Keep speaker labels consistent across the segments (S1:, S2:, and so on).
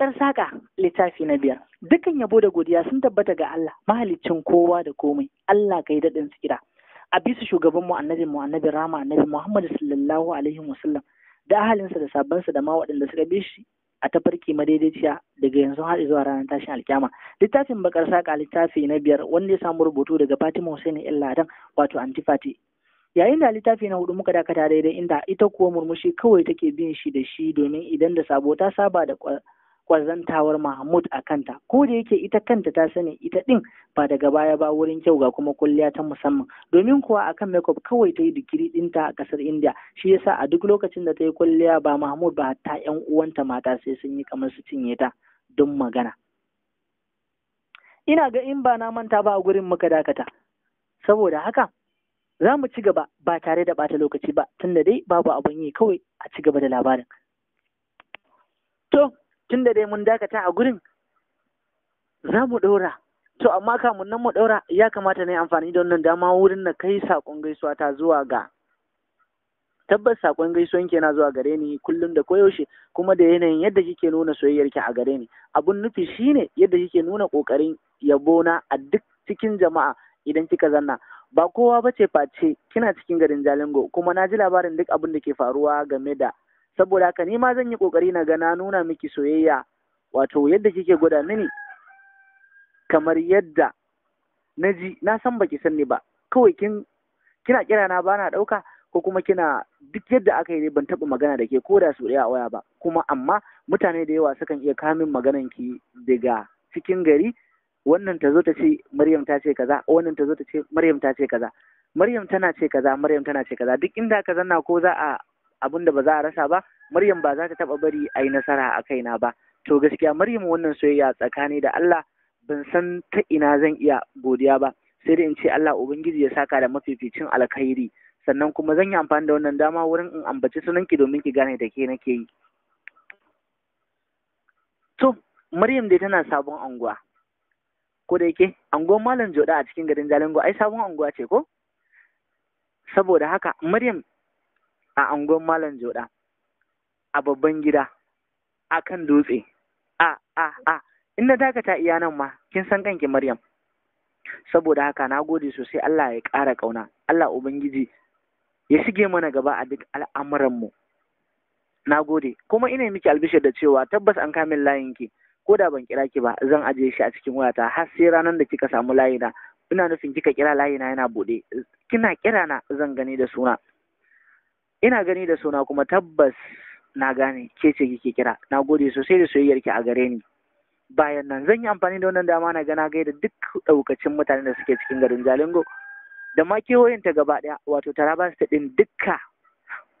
S1: Bakar Saka littafi na biyar. Dukan yabo da godiya sun tabbata ga Allah, mahaliccin kowa da komai. Allah ka yi daɗin tsira. A bisa shugaban mu annabi mu annabi Rama annabi Muhammad sallallahu alaihi wasallam da ahalinsa da sabansa da ma waɗanda suka bi shi a tafarki madaidaiciya daga yanzu har zuwa ranar tashin alkyama littafin bakar saka littafi na biyar wanda ya samu rubutu daga fatima hussein illadan wato antifati yayin da littafi na hudu muka dakata daidai inda ita kuwa murmushi kawai take bin shi da shi domin idan da sabo ta saba da kwazantawar Mahmud a kanta ko da yake ita kanta ta sani ita ɗin ba daga baya ba wurin kyau ga kuma kulliya ta musamman domin kuwa akan makeup kawai ta yi digiri ɗinta a ƙasar India shi yasa a duk lokacin da ta yi kulliya ba Mahmud ba ta 'yan uwanta mata sai sun yi kamar su cinye ta don magana ina ga in ba na manta ba a gurin muka dakata saboda haka za mu ci gaba ba tare da bata lokaci ba tunda dai babu abin yi kawai a ci gaba da labarin to tun da dai mun dakata a gurin za mu ɗora to amma kamun nan mu ɗora ya kamata na yi amfani da wannan dama wurin na kai saƙon gaisuwa ta zuwa ga tabbas saƙon gaisuwan ke na zuwa gare ni kullum da koyaushe kuma da yanayin yadda kike nuna soyayyar ki a gare ni abun nufi shine yadda kike nuna ƙoƙarin yabona a duk cikin jama'a idan kika zanna ba kowa ba ce face kina cikin garin Jalingo kuma na ji labarin duk abin da ke faruwa game da saboda haka ni ma zan yi kokari na ga na nuna miki soyayya wato yadda kike gwada mini kamar yadda na ji na san baki san ni ba kawai kin kina kira na bana dauka ko kuma kina duk yadda aka yi ban taba magana da ke ko da su a waya ba kuma amma mutane da yawa sukan iya kamin maganan ki daga cikin gari wannan ta zo ta ce Maryam ta ce kaza wannan ta zo ta ce Maryam ta ce kaza Maryam tana ce kaza Maryam tana ce kaza duk inda ka zanna ko za a abin da ba za a rasa ba Maryam ba za ta taɓa bari a yi nasara a kaina ba to gaskiya Maryam wannan soyayya tsakani da Allah ban san ta ina zan iya godiya ba sai da in ce Allah ubangiji ya saka da mafificin alkhairi sannan kuma zan yi amfani da wannan dama wurin in ambaci ki domin ki gane da ke nake yi to Maryam dai tana sabon anguwa ko da yake anguwan Malam Joda a cikin garin Jalingo ai sabon anguwa ce ko saboda haka Maryam a angon malam joda a babban gida a kan dutse a a a inda na dakata iya nan ma kin san kanki maryam saboda haka na gode sosai Allah ya ƙara ƙauna Allah ubangiji ya shige mana gaba a duk al'amuranmu na gode kuma ina miki albishir da cewa tabbas an kamin layinki ko da ban kira ki ba zan ajiye shi a cikin wayata har sai ranar da kika samu layina ina nufin kika kira layina yana bude, kina kira na zan gani da suna ina gani da suna kuma tabbas na gane ke ce kike kira na gode sosai da soyayyar ki a gare ni bayan nan zan yi amfani da wannan dama na gana gaida duk daukacin mutanen da suke cikin garin Jalingo da ma kewayen ta gaba daya wato Taraba State din dukka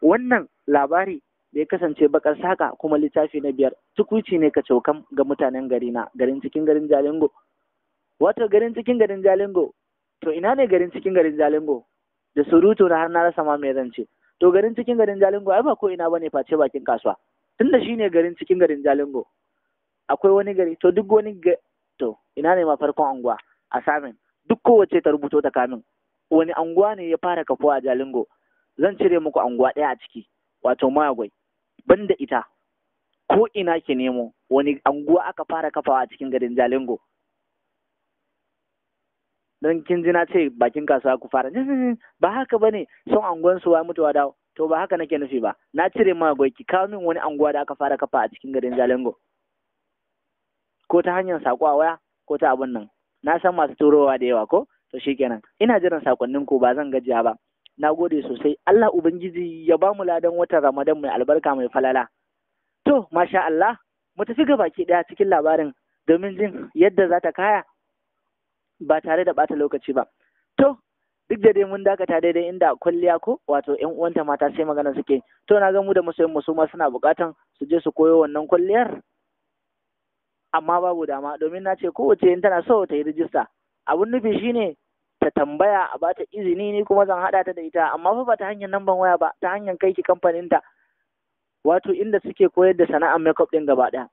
S1: wannan labari da ya kasance bakar saka kuma littafi na biyar tukuci ne ka caukan ga mutanen gari na garin cikin garin Jalingo wato garin cikin garin Jalingo to ina ne garin cikin garin Jalingo da surutu na har na rasa ma me zance. to garin cikin garin jalingo ai ba ko ina bane face bakin kasuwa tunda shine garin cikin garin jalingo akwai wani gari to duk wani to ina ne ma farkon anguwa a samin duk kowace ta rubuto ta kamin wani anguwa ne ya fara kafuwa a jalingo zan cire muku anguwa ɗaya a ciki wato mayagwai banda ita ko ina ki nemo wani anguwa aka fara kafawa a cikin garin jalingo don kin ji na ce bakin kasuwa ku fara ba haka bane son anguwan su wai mutuwa dawo to ba haka nake nufi ba na cire ma goiki kawo min wani anguwa da aka fara kafa a cikin garin Jalingo ko ta hanyar sako a waya ko ta abun nan na san masu turowa da yawa ko to shikenan ina jiran sakonnin ku ba zan gajiya ba na gode sosai Allah ubangiji ya ba mu ladan watan Ramadan mai albarka mai falala to masha Allah mu tafi ga baki daya cikin labarin domin jin yadda za ta kaya ba tare da bata lokaci ba to duk da dai mun dakata daidai inda kwalliya ko wato yan uwanta mata sai magana suke to na ga mu da masoyin mu ma suna bukatan su je su koyo wannan kwalliyar amma babu dama domin na ce kowace in tana so ta yi rijista abun nufi shine ta tambaya a ta izini ni kuma zan haɗa ta da ita amma fa ba ta hanyar namban waya ba ta hanyar kai ki kamfanin wato inda suke koyar da sana'a makeup ɗin gaba ɗaya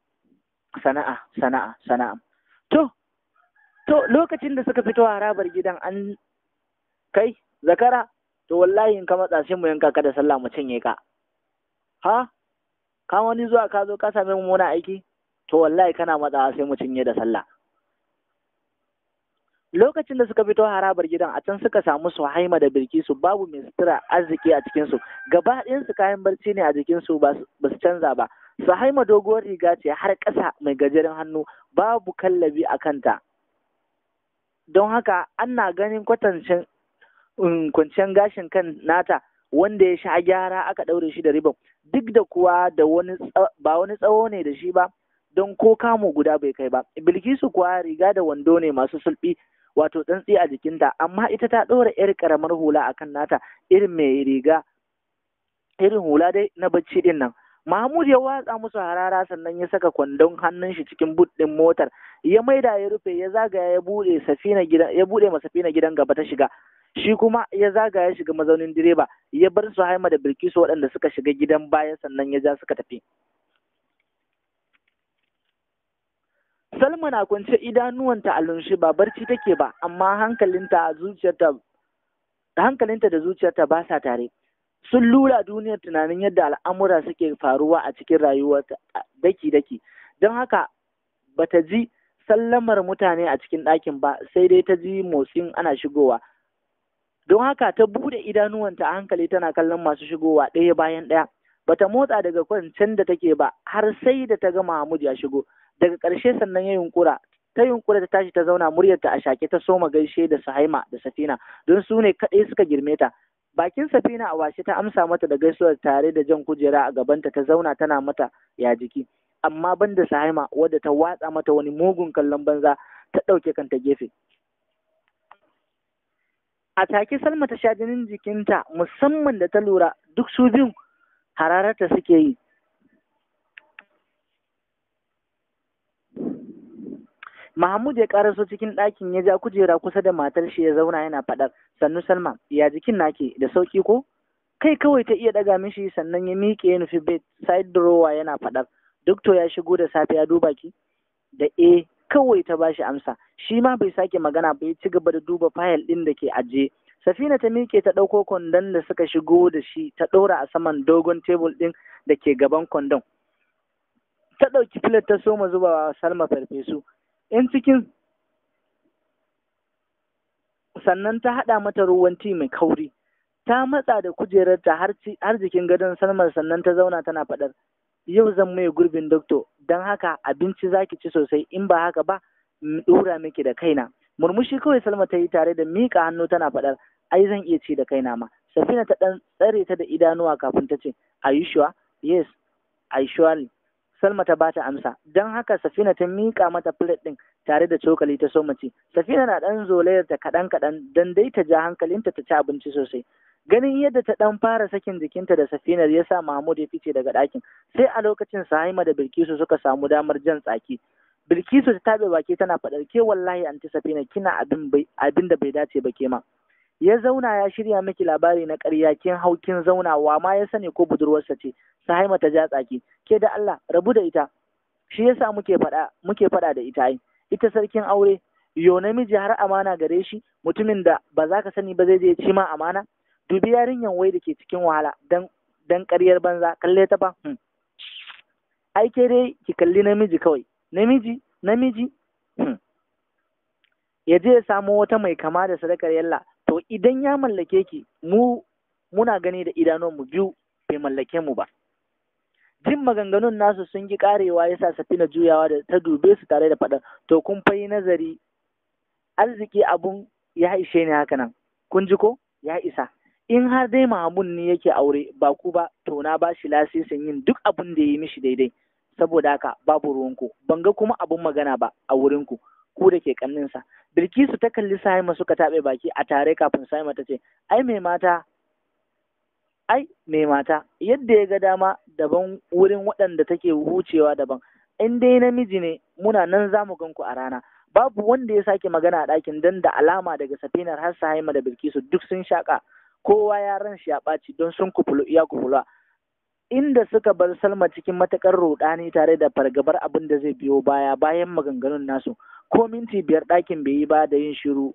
S1: sana'a sana'a sana'a to to lokacin da suka fito harabar gidan an kai zakara to wallahi in ka matsa sai mu yanka ka da sallah mu cinye ka ha ka wani zuwa ka zo ka same mu muna aiki to wallahi kana matsawa sai mu cinye da sallah lokacin da suka fito harabar gidan a can suka samu su haima da su babu mai sutura arziki a cikinsu gaba ɗayansu kayan barci ne a jikinsu ba su canza ba su haima doguwar riga ce har ƙasa mai gajeren hannu babu kallabi a kanta don haka ana ganin kwatancin um, gashin kan nata wanda ya sha gyara aka ɗaure shi da ribon duk da kuwa da wani ba wani tsawo ne da shi ba don ko kamo guda bai kai ba bilkisu kuwa riga da wando ne masu sulbi wato tsantsi a jikinta amma ita ta ɗora yar karamar hula a kan nata irin mai riga irin hula dai na bacci ɗin nan Mahmud ya watsa musu harara sannan ya saka kwandon hannun shi cikin but ɗin motar ya maida ya rufe ya zagaya ya bude safina gidan ya bude ma safina gidan gaba ta shiga shi kuma ya zagaya shiga mazaunin direba ya bar su haima da bilkisu waɗanda suka shiga gidan baya sannan ya ja suka tafi Salma na kwance idanuwanta a lunshi ba barci take ba amma hankalinta zuciyarta hankalinta da zuciyarta ba sa tare sun lura duniyar tunanin yadda al'amura suke faruwa a cikin rayuwarta daki-daki don haka bata ji sallamar mutane a cikin ɗakin ba sai dai ta ji motsin ana shigowa don haka ta bude idanuwanta a hankali tana kallon masu shigowa ɗaya bayan ɗaya bata motsa daga kwancen da take ba har sai da ta gama Mahmud ya shigo daga ƙarshe sannan ya yunkura ta yunkura ta tashi ta zauna muryarta a shake ta soma gaishe da Suhaima da Safina don su ne kaɗai suka girme ta bakin Safina a washe ta amsa mata da gaisuwar tare da jan kujera a gabanta ta zauna tana mata ya jiki amma ban da Sahaima wadda ta watsa mata wani mugun kallon banza ta ɗauke kanta gefe. A take Salma ta sha jinin jikinta musamman da ta lura duk su biyun hararta suke yi. Mahmud ya karaso cikin ɗakin ya ja kujera kusa da matar shi ya zauna yana faɗar sannu Salma ya jikin nake da sauƙi ko? Kai kawai ta iya ɗaga mishi sannan ya miƙe ya nufi bed side drawer yana faɗar doktor ya shigo da safe ya duba ki da eh kawai ta bashi amsa shi ma bai sake magana ba ya ci gaba da duba fayil ɗin da ke ajiye safina ta miƙe ta ɗauko kwandon da suka shigo da shi ta ɗora a saman dogon tebul ɗin da ke gaban kwandon ta ɗauki filet ta soma zuba wa salma farfesu in cikin sannan ta haɗa mata ruwan ti mai kauri ta matsa da kujerarta har jikin gadon salma sannan ta zauna tana faɗar yau zan maye gurbin dokto don haka abinci zaki ci sosai in ba haka ba ɗora miki da kaina murmushi kawai salma ta yi tare da miƙa hannu tana faɗar ai zan iya ci da kaina ma safina ta ɗan tsare ta da idanuwa kafin ta ce are you yes i surely salma ta bata amsa don haka safina ta miƙa mata plate ɗin tare da cokali ta so mace safina na ɗan zolayar ta kaɗan kaɗan don dai ta ja hankalinta ta ci abinci sosai ganin yadda ta dan fara sakin jikinta da safinar ya sa mahmud ya fice daga ɗakin sai a lokacin sahima da bilkisu suka samu damar jan tsaki bilkisu ta tabe baki tana faɗar ke wallahi anti safina kina abin da bai dace ba ke ma ya zauna ya shirya miki labari na ƙarya kin hau kin zauna wa ma ya sani ko budurwarsa ce sahima ta ja tsaki ke da allah rabu da ita shi yasa muke faɗa muke faɗa da ita ai ita sarkin aure yo namiji har amana gare shi mutumin da ba za ka sani ba zai je ci ma amana dubi yarinyar wai da ke cikin wahala dan dan banza kalle ta ba hmm. ai ke dai ki kalli namiji kawai namiji namiji hmm. ya je ya samo wata mai kama da sadakar yalla to idan ya mallake ki mu muna gani da mu biyu bai mallake mu ba jin maganganun nasu sun ki karewa yasa safina juyawa da ta dube su tare da faɗa to kun fayi nazari arziki abun ya ishe ni haka nan kun ji ko ya isa in har dai Mamun ne yake aure ba ku ba to na ba shi lasisin yin duk abin da ya yi mishi daidai saboda haka babu ruwanku ban ga kuma abin magana ba a wurinku ku da ke kanninsa Bilkisu ta kalli Saima suka taɓe baki a tare kafin Saima ta ce ai mai mata ai mai mata yadda ya ga dama daban wurin waɗanda take hucewa daban in dai namiji ne muna nan za mu ganku a rana babu wanda ya sake magana a ɗakin dan da alama daga safinar har Saima da Bilkisu duk sun shaƙa kowa ya ran shi ya ɓaci don sun kufulu ya kufula inda suka bar Salma cikin matakar rudani tare da fargabar abin da zai biyo baya bayan maganganun nasu ko minti biyar ɗakin bai yi ba da yin shiru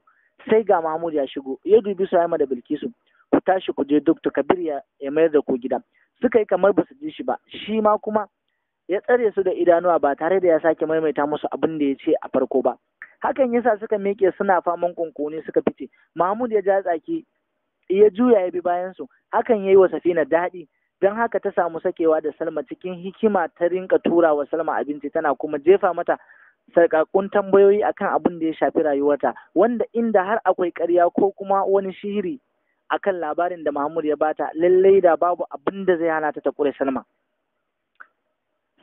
S1: sai ga Mahmud ya shigo ya dubi Suhaima da Bilkisu ku tashi ku je duk Dr. Kabir ya, ya mayar da ku gida suka yi kamar ba su ji shi ba shi ma kuma ya tsare su da idanuwa ba tare da ya sake maimaita musu abin da ya ce a farko ba hakan yasa suka miƙe suna faman kunkuni suka fice Mahmud ya ja tsaki ya juya ya bi bayansu hakan ya yi wa safina daɗi don haka ta samu sakewa da salma cikin hikima ta rinka tura wa salma abinci tana kuma jefa mata sarƙaƙƙun tambayoyi akan abin da ya shafi rayuwarta wanda inda har akwai ƙarya ko kuma wani shiri akan labarin da Mahmud ya bata lallai da babu abin da zai hana ta ta kure Salma.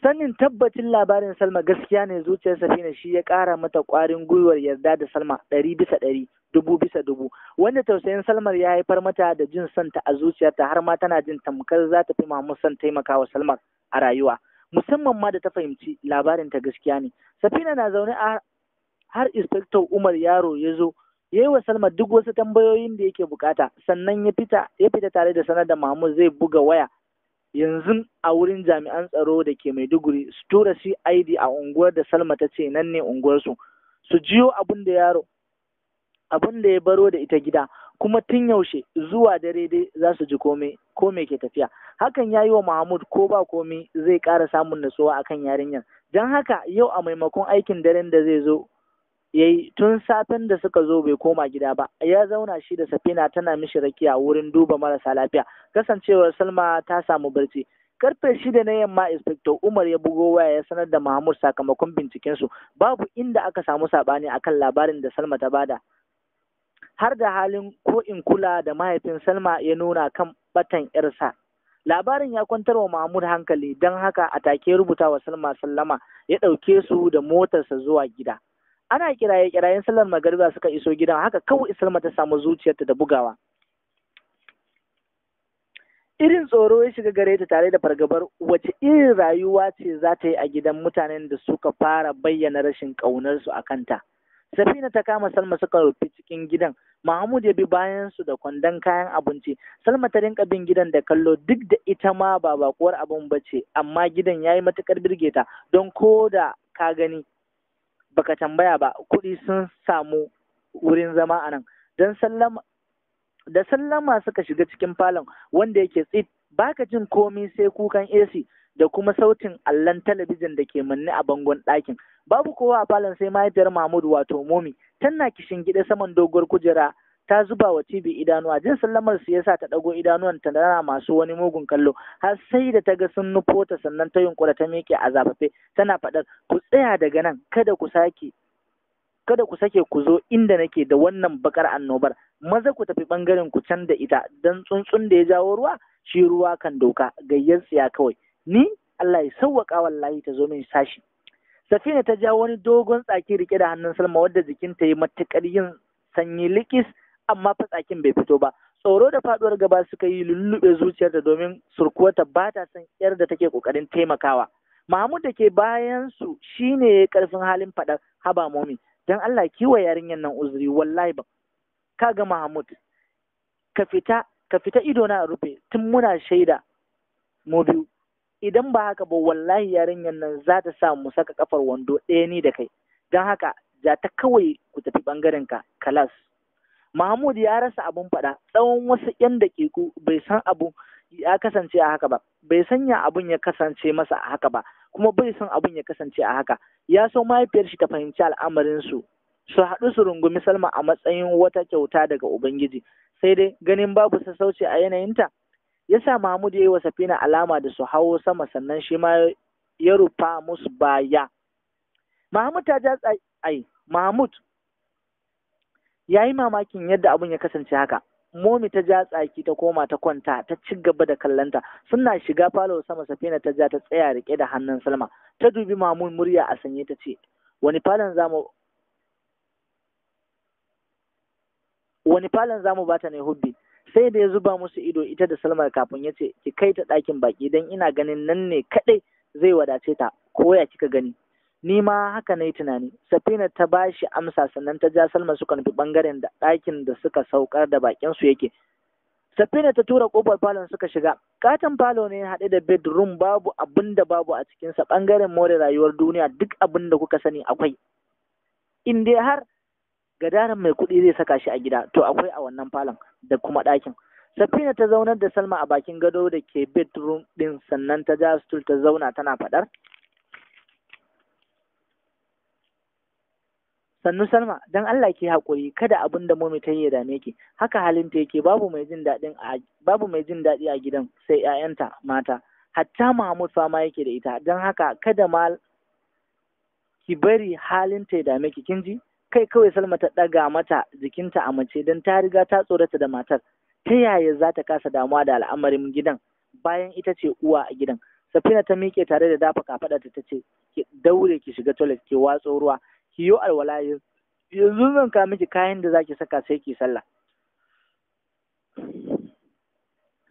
S1: Sanin tabbacin labarin Salma gaskiya ne zuciyar Safina shi ya ƙara mata ƙwarin gwiwar yarda da Salma ɗari bisa ɗari dubu bisa dubu wanda tausayin salmar ya haifar mata da jin santa a zuciyarta har ma tana jin tamkar za ta fi mamu son taimakawa salmar a rayuwa musamman ma da ta fahimci labarin ta gaskiya ne safina na zaune a har inspector umar yaro ya zo ya yi wa salma duk wasu tambayoyin da yake bukata sannan ya fita ya fita tare da sanar da mamu zai buga waya yanzu a wurin jami'an tsaro da ke maiduguri su tura cid a unguwar da salma ta ce nan ne unguwarsu su jiyo abin da yaro abin da ya baro da ita gida kuma tun yaushe zuwa dare dai za su ji komai ke tafiya hakan ya yi wa mahmud ko ba komai zai ƙara samun natsuwa akan yarinyar don haka yau a maimakon aikin daren da zai zo ya yi tun safen da suka zo bai koma gida ba ya zauna shi da safina tana mishi rakiya wurin duba marasa lafiya kasancewar salma ta samu barci karfe shida na yamma inspector umar ya bugo waya ya sanar da mahmud sakamakon bincikensu babu inda aka samu saɓani akan labarin da salma ta bada har da halin ko in kula da mahaifin Salma ya nuna kan batan ‘yarsa. Labarin ya kwantar wa Mahmud hankali don haka a take rubuta wa Salma Sallama ya ɗauke su da motarsa zuwa gida. Ana kiraye kirayen sallar magariba suka iso gidan haka kawai Salma ta samu zuciyarta da bugawa. Irin tsoro ya shiga gare ta tare da fargabar wace irin rayuwa ce za ta yi a gidan mutanen da suka fara bayyana rashin ƙaunarsu a kanta. Safina ta kama Salma suka rufe cikin gidan. Mahmud ya bi bayan su da kwandon kayan abinci. Salma ta rinka bin gidan da kallo duk da ita ma ba bakuwar abin bace, amma gidan ya yi matukar birge ta don ko da ka gani baka tambaya ba kuɗi sun samu wurin zama a nan. da sallama suka shiga cikin falon wanda yake tsit baka jin komi sai kukan AC da kuma sautin allon talabijin da ke manne a bangon ɗakin. Babu kowa a falon sai mahaifiyar Mahmud wato Momi, tana kishin gida saman doguwar kujera ta zuba wa cibi idanuwa jin sallamar su yasa ta ɗago idanuwan ta na masu wani mugun kallo har sai da ta ga sun nufo ta sannan ta yunkura ta miƙe a zafafe tana faɗar ku tsaya daga nan kada ku sake kada ku sake ku zo inda nake da wannan bakar annobar maza ku tafi bangaren ku can da ita dan tsuntsun da ya jawo ruwa shi ruwa kan doka gayyar tsiya kawai ni Allah ya sauwaƙa wallahi ta zo min sashi safina ta ja wani dogon tsaki rike da hannun salma wadda jikinta ya matukar yin sanyi likis amma fa tsakin bai fito ba tsoro da faɗuwar gaba suka yi lullube zuciyarta domin surkuwarta ba ta san yar da take ƙoƙarin taimakawa Mahmud da ke bayan su shine ya karfin halin faɗa haba momi dan Allah kiwa yarinyar nan uzuri wallahi ba kaga Mahmud ka fita ka fita ido na rufe tun muna shaida mu biyu idan ba haka ba wallahi yarinyar nan za ta sa mu saka kafar wando ɗaya ni da kai don haka ja ta kawai ku tafi bangaren ka kalas Mahmud ya rasa abun faɗa tsawon wasu yan daƙiƙu bai san abu ya kasance a haka ba bai sanya abun ya kasance masa a haka ba kuma bai san abun ya kasance a haka ya so mahaifiyar shi ta fahimci al'amarin su su haɗu su rungumi Salma a matsayin wata kyauta daga Ubangiji sai dai ganin babu sassauci a yanayinta Ya sa Mahmud ya yi wa safina alama da su hawo sama sannan shi ma ya rufa musu baya Mahmud ta ja tsaye, Mahmud ya yi mamakin yadda abun ya kasance haka momi ta ja tsaki ta koma ta kwanta ta ci gaba da kallanta suna shiga falo sama safina ta ja ta tsaya rike da hannun salma ta dubi mamun murya a sanye ta ce wani falon zamu wani falon zamu bata ne hubbi sai da ya zuba musu ido ita da salma kafin ya ce ki kai ta ɗakin baki don ina ganin nan ne kaɗai zai wadace ta ko ya kika gani ni ma haka na yi tunani safina ta ba shi amsa sannan ta ja salma suka nufi ɓangaren da ɗakin da suka saukar da bakin su yake safina ta tura kofar falon suka shiga katon falo ne haɗe da bedroom babu abin da babu a cikinsa ɓangaren more rayuwar duniya duk abin da kuka sani akwai in har gadaran mai kuɗi zai saka shi a gida to akwai a wannan falon da kuma ɗakin safina ta zaunar da salma a bakin gado da ke bedroom ɗin sannan ta ja stool ta zauna tana faɗar sannu salma don allah ki haƙuri kada abin da momi ta yi ya dame ki haka halinta yake babu mai jin babu mai jin daɗi a gidan sai 'ya'yanta mata hatta mahmud fama yake da ita don haka kada ma ki bari halinta ya dame ki kin ji kai kawai salma ta ɗaga mata jikinta a mace don ta riga ta tsorata da matar ta yaya za ta kasa damuwa da al'amarin gidan bayan ita ce uwa a gidan safina ta miƙe tare da dafa kafaɗarta ta ce ki daure ki shiga toilet ki watso ruwa ki yi alwala yanzu zan ka miki kayan da zaki saka sai ki sallah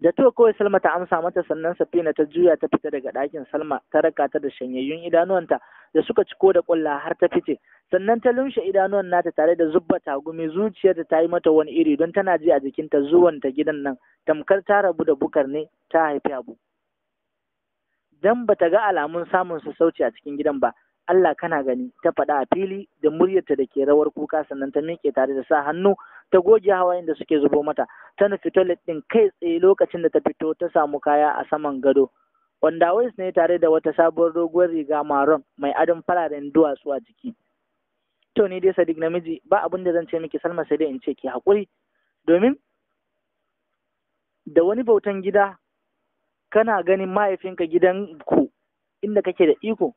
S1: da to kawai salma ta amsa mata sannan safina ta juya ta fita daga ɗakin salma ta raka ta da shanyayyun idanuwanta da suka ciko da ƙulla har ta fice sannan ta lumshe idanuwan nata tare da zubba tagumi zuciyarta ta yi mata wani iri don tana ji a jikinta ta gidan nan tamkar ta rabu da bukar ne ta haifi abu dan bata ga alamun samun su sauci a cikin gidan ba Allah kana gani ta faɗa a fili da muryarta da ke rawar kuka sannan ta miƙe tare da sa hannu ta goge hawayen da suke zubo mata ta nufi toilet ɗin kai tsaye lokacin da ta fito ta samu kaya a saman gado wanda ne tare da wata sabuwar doguwar riga maron mai adon fararen duwatsu a jiki. tattauni dai sadiq namiji ba abin da zan ce miki salma sai dai in ce ki haƙuri domin da wani bautan gida kana ganin mahaifinka gidan ku inda kake da iko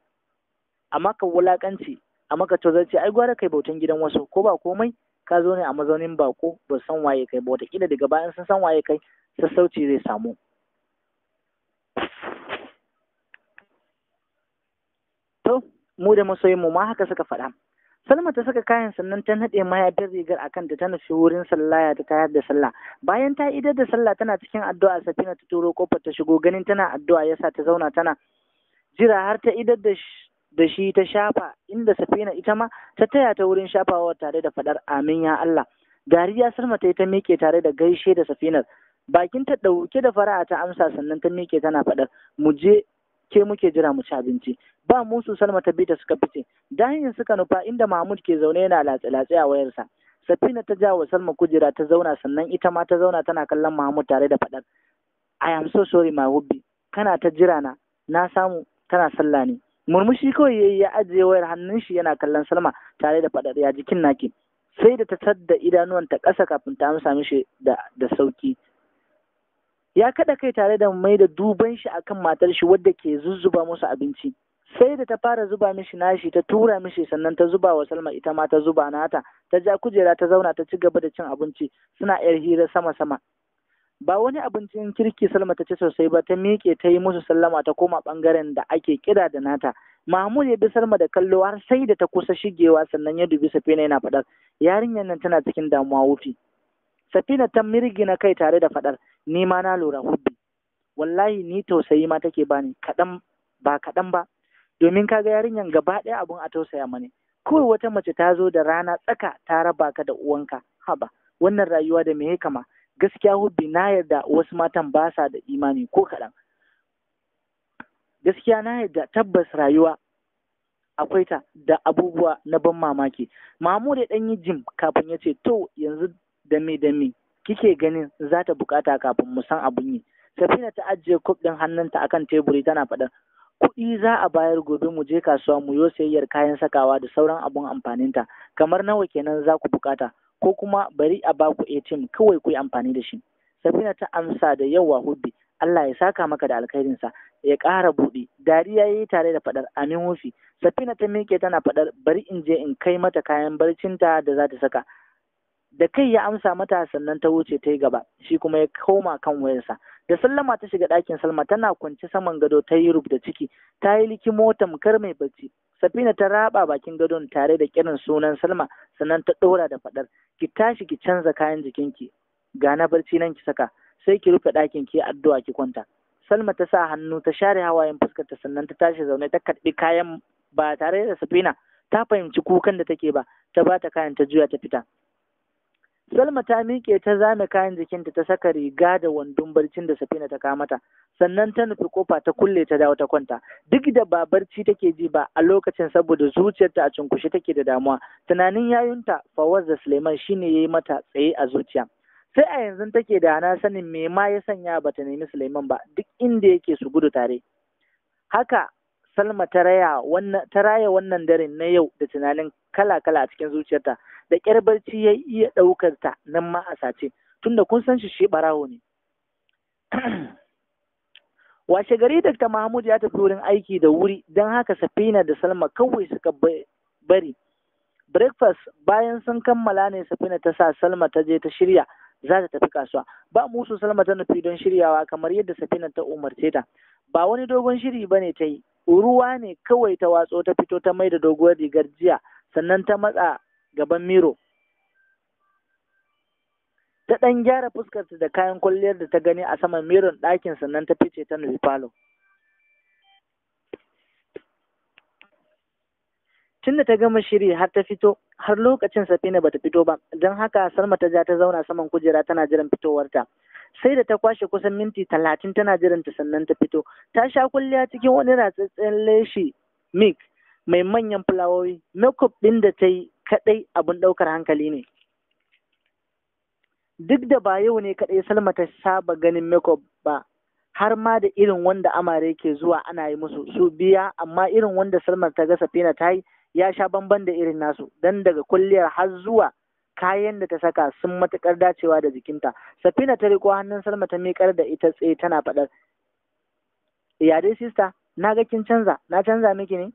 S1: amma ka wulakanci amma ka ce ai gwara kai bautan gidan wasu ko ba komai ka zo ne a mazaunin bako ba san waye kai ba wataƙila daga bayan sun san waye kai sassauci zai samu to mu da masoyinmu ma haka suka faɗa Salma ta saka kayan sannan ta naɗe mayafin rigar a kanta ta nufi wurin sallaya ta tayar da sallah. Bayan ta idar da sallah tana cikin addu'a Safina ta turo kofar ta shigo ganin tana addu'a yasa ta zauna tana jira har ta idar da shi ta shafa inda Safina ita ma ta taya ta wurin shafawa tare da faɗar amin ya Allah. Dariya Salma ta yi ta miƙe tare da gaishe da Safinar. Bakin ta ɗauke da fara'a ta amsa sannan ta miƙe tana faɗar mu je ke muke jira mu ci abinci ba musu salma ta bi da suka fice dahin suka nufa inda mahmud ke zaune yana latsa-latsa a wayarsa safina ta jawo salma kujera ta zauna sannan ita ma ta zauna tana kallon mahmud tare da faɗar i am so sorry my hubby kana ta jira na na samu tana sallah ne murmushi kawai yayi ya ajiye wayar hannun shi yana kallon salma tare da faɗar ya jikin naki sai da ta tadda idanuwanta ƙasa kafin ta amsa mishi da da sauki ya kaɗa kai tare da mai da duban shi akan matar shi wadda ke zuzzuba musu abinci sai da ta fara zuba mishi nashi ta tura mishi sannan ta zuba wa salma ita ma ta zuba nata ta ja kujera ta zauna ta ci gaba da cin abinci suna yar hira sama sama ba wani abincin kirki salma ta ci sosai ba ta miƙe ta yi musu sallama ta koma bangaren da ake kira da nata mahmud ya bi salma da kallo har sai da ta kusa shigewa sannan ya dubi safina yana faɗar yarinyar nan tana cikin damuwa wufi safina ta mirgi na kai tare da faɗar ni ma na lura hubbi wallahi ni tausayi ma take bani kaɗan ba kaɗan ba domin kaga yarinyar gaba ɗaya abun a tausaya mani kawai wata mace ta zo da rana tsaka ta raba ka da uwanka haba wannan rayuwa da me kama gaskiya hubbi na yarda wasu matan ba sa da imani ko kaɗan gaskiya na yarda tabbas rayuwa akwai ta da abubuwa na ban mamaki Mahmud ya ɗan yi jim kafin ya ce to yanzu Dami-dami, kike ganin za ta bukata kafin mu san abun yi safina ta ajiye kuf ɗin hannunta akan teburi tana faɗa kuɗi za a bayar gobe mu je kasuwa mu yo sayayyar kayan sakawa da sauran abun amfaninta kamar nawa kenan za ku bukata ko kuma bari a ba ku ATM kawai ku yi amfani da shi safina ta amsa da yawa hubbi Allah ya saka maka da alkhairinsa ya ƙara buɗe dariya ya yi tare da faɗar amin wufi safina ta miƙe tana faɗar bari in je in kai mata kayan barcinta da za ta saka da kai ya amsa mata sannan ta wuce ta yi gaba shi kuma ya koma kan wayarsa da sallama ta shiga ɗakin salma tana kwance saman gado ta yi rubda ciki ta yi likimo tamkar mai bacci safina ta raba bakin gadon tare da kiran sunan salma sannan ta ɗora da faɗar ki tashi ki canza kayan jikinki ga na barci nan ki saka sai ki rufe ɗakin ki addu'a ki kwanta salma ta sa hannu ta share hawayen fuskarta sannan ta tashi zaune ta karɓi kayan ba tare da safina ta fahimci kukan da take ba ta bata kayan ta juya ta fita Salma ta miƙe ta zame kayan jikinta ta saka riga da wandon barcin da safina ta kamata sannan ta nufi kofa ta kulle ta dawo ta kwanta duk da ba barci take ji ba a lokacin saboda zuciyarta a cunkushe take da damuwa tunanin yayunta Fawaz da Suleiman shine yayi mata tsaye a zuciya sai a yanzu take da na sanin me ma ya sanya ba ta nemi Suleiman ba duk inda yake su gudu tare haka Salma ta raya wannan ta na yau da tunanin kala-kala a cikin zuciyarta da ƙyar barci ya iya ɗaukar ta nan ma a sace tunda kun san shi shi ɓarawo ne washe gari Dr. mahmud ya tafi wurin aiki da wuri don haka safina da salma kawai suka bari breakfast bayan sun kammala ne safina ta sa salma ta je ta shirya za ta tafi kasuwa ba musu salma ta nufi don shiryawa kamar yadda safina ta umarce ta ba wani dogon shiri bane ta yi ruwa ne kawai ta watso ta fito ta mai da doguwar rigar jiya sannan ta matsa gaban miro ta ɗan gyara fuskarta da kayan kwalliyar da ta gani a saman miron ɗakin sannan ta fice ta nufi falo tun da ta gama shiri har ta fito har lokacin safina bata fito ba don haka salma ta ja ta zauna saman kujera tana jiran fitowarta sai da ta kwashe kusan minti talatin tana jiran ta sannan ta fito ta sha kwalliya cikin wani ratsatsen leshi mik mai manyan fulawoyi makeup ɗin da ta yi kaɗai abin ɗaukar hankali ne duk da ba yau ne kaɗai salma ta saba ganin makeup ba har ma da irin wanda amare ke zuwa ana yi musu su biya amma irin wanda salma ta ga safina ta yi ya sha bamban da irin nasu don daga kulliyar har zuwa kayan da ta saka sun matuƙar dacewa da jikinta safina ta riko hannun salma ta miƙar da ita tsaye tana faɗar ya dai sista na ga kin canza na canza miki ne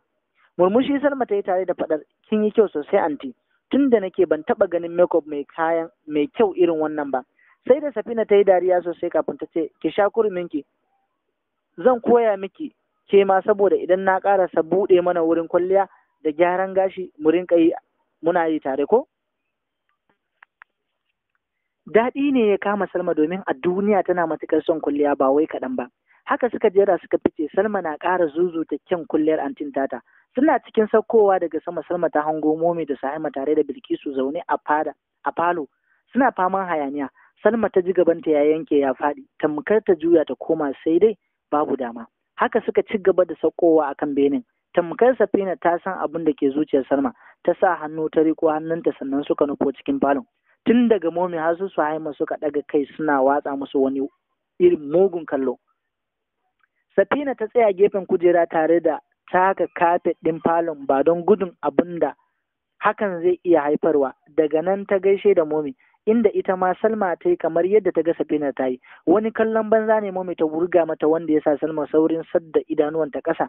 S1: murmushi salma ta yi tare da faɗar kin yi kyau sosai anti tun da nake ban taba ganin makeup mai kayan mai kyau irin wannan ba sai da safina ta yi dariya sosai kafin ta ce ki sha kurminki zan koya miki ke ma saboda idan na karasa buɗe mana wurin kwalliya da gyaran gashi mu rinka yi muna yi tare ko daɗi ne ya kama salma domin a duniya tana matuƙar son kwalliya ba wai kaɗan ba haka suka jera suka fice salma na ƙara zuzuta kyan kulliyar antin tata Suna cikin saukowa daga sama Salma ta hango momi da Sahima tare da Bilkisu zaune a fada a falo suna faman hayaniya. Salma ta ji gabanta ya yanke ya faɗi, tamkar ta juya ta koma sai dai babu dama. Haka suka ci gaba da saukowa akan benin. Tamkar Safina ta san abin da ke zuciyar Salma, ta sa hannu ta riko hannunta sannan suka nufo cikin falon. Tun daga momi har su Sahima suka daga kai suna watsa musu wani irin mugun kallo. Safina ta tsaya gefen kujera tare da taka kafet ɗin falon ba don gudun abin da hakan zai iya haifarwa daga nan ta gaishe da momi inda ita ma salma ta yi kamar yadda ta ga safina ta yi wani kallon banza ne momi ta wurga mata wanda ya sa salma saurin sadda idanuwan ta ƙasa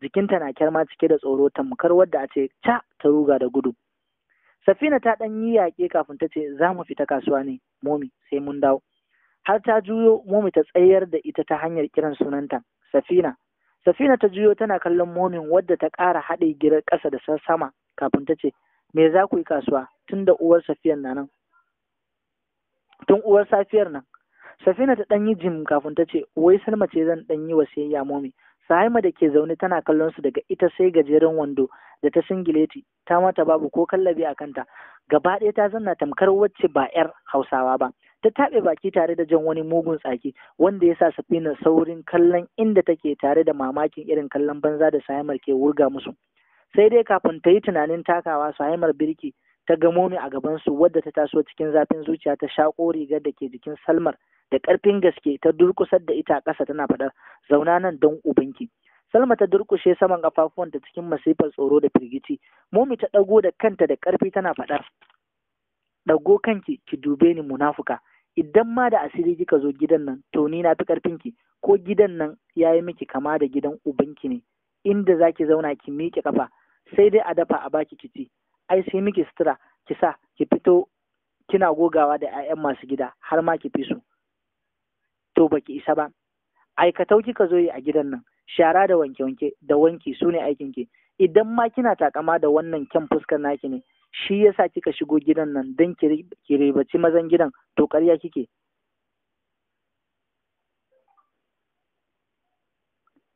S1: jikinta na kyarma cike da tsoro tamkar wadda a ce ca ta ruga da gudu safina ta ɗan yi yaƙe kafin ta ce za mu fita kasuwa ne momi sai mun dawo har ta juyo momi ta tsayar da ita ta hanyar kiran sunanta safina safina ta juyo tana kallon momin wadda ta ƙara haɗe girar ƙasa da sama kafin ta ce me za ku yi kasuwa tun da uwar safiyar na nan tun uwar safiyar nan safina ta ɗan yi jim kafin ta ce wai salma ce zan ɗan yi wa wasiyayya momi Sahima da ke zaune tana kallon su daga ita sai gajeren wando da ta singileti ta mata babu ko kallabi a kanta gaba ɗaya ta zanna tamkar wacce ba 'yar hausawa ba ta taɓe baki tare da jan wani mugun tsaki wanda ya sa safina saurin kallon inda take tare da mamakin irin kallon banza da sayamar ke wurga musu sai dai kafin ta yi tunanin takawa sayamar birki ta gamo ni a gabansu wadda ta taso cikin zafin zuciya ta shaƙo rigar da ke jikin salmar da ƙarfin gaske ta durƙusar da ita a ƙasa tana faɗar zauna nan don ubanki Salma ta durƙushe saman kafafuwanta cikin masifar tsoro da firgici. Momi ta ɗago da kanta da ƙarfi tana faɗar. ɗago kanki ki dube ni munafuka idan ma da asiri kika zo gidan nan to ni na fi karfin ki ko gidan nan ya yi miki kama da gidan uban ki ne inda za ki zauna ki miƙe ƙafa. sai dai a dafa a baki ki ci ai sai miki sutura ki sa ki fito kina gogawa da 'ya'yan masu gida har ma ki fi su to baki isa ba aikatau kika zo yi a gidan nan shara da wanke-wanke da wanki su ne aikin ki idan ma kina takama da wannan kyan fuskar naki ne shi yasa kika shigo gidan nan don ki ribaci mazan gidan to ƙarya kike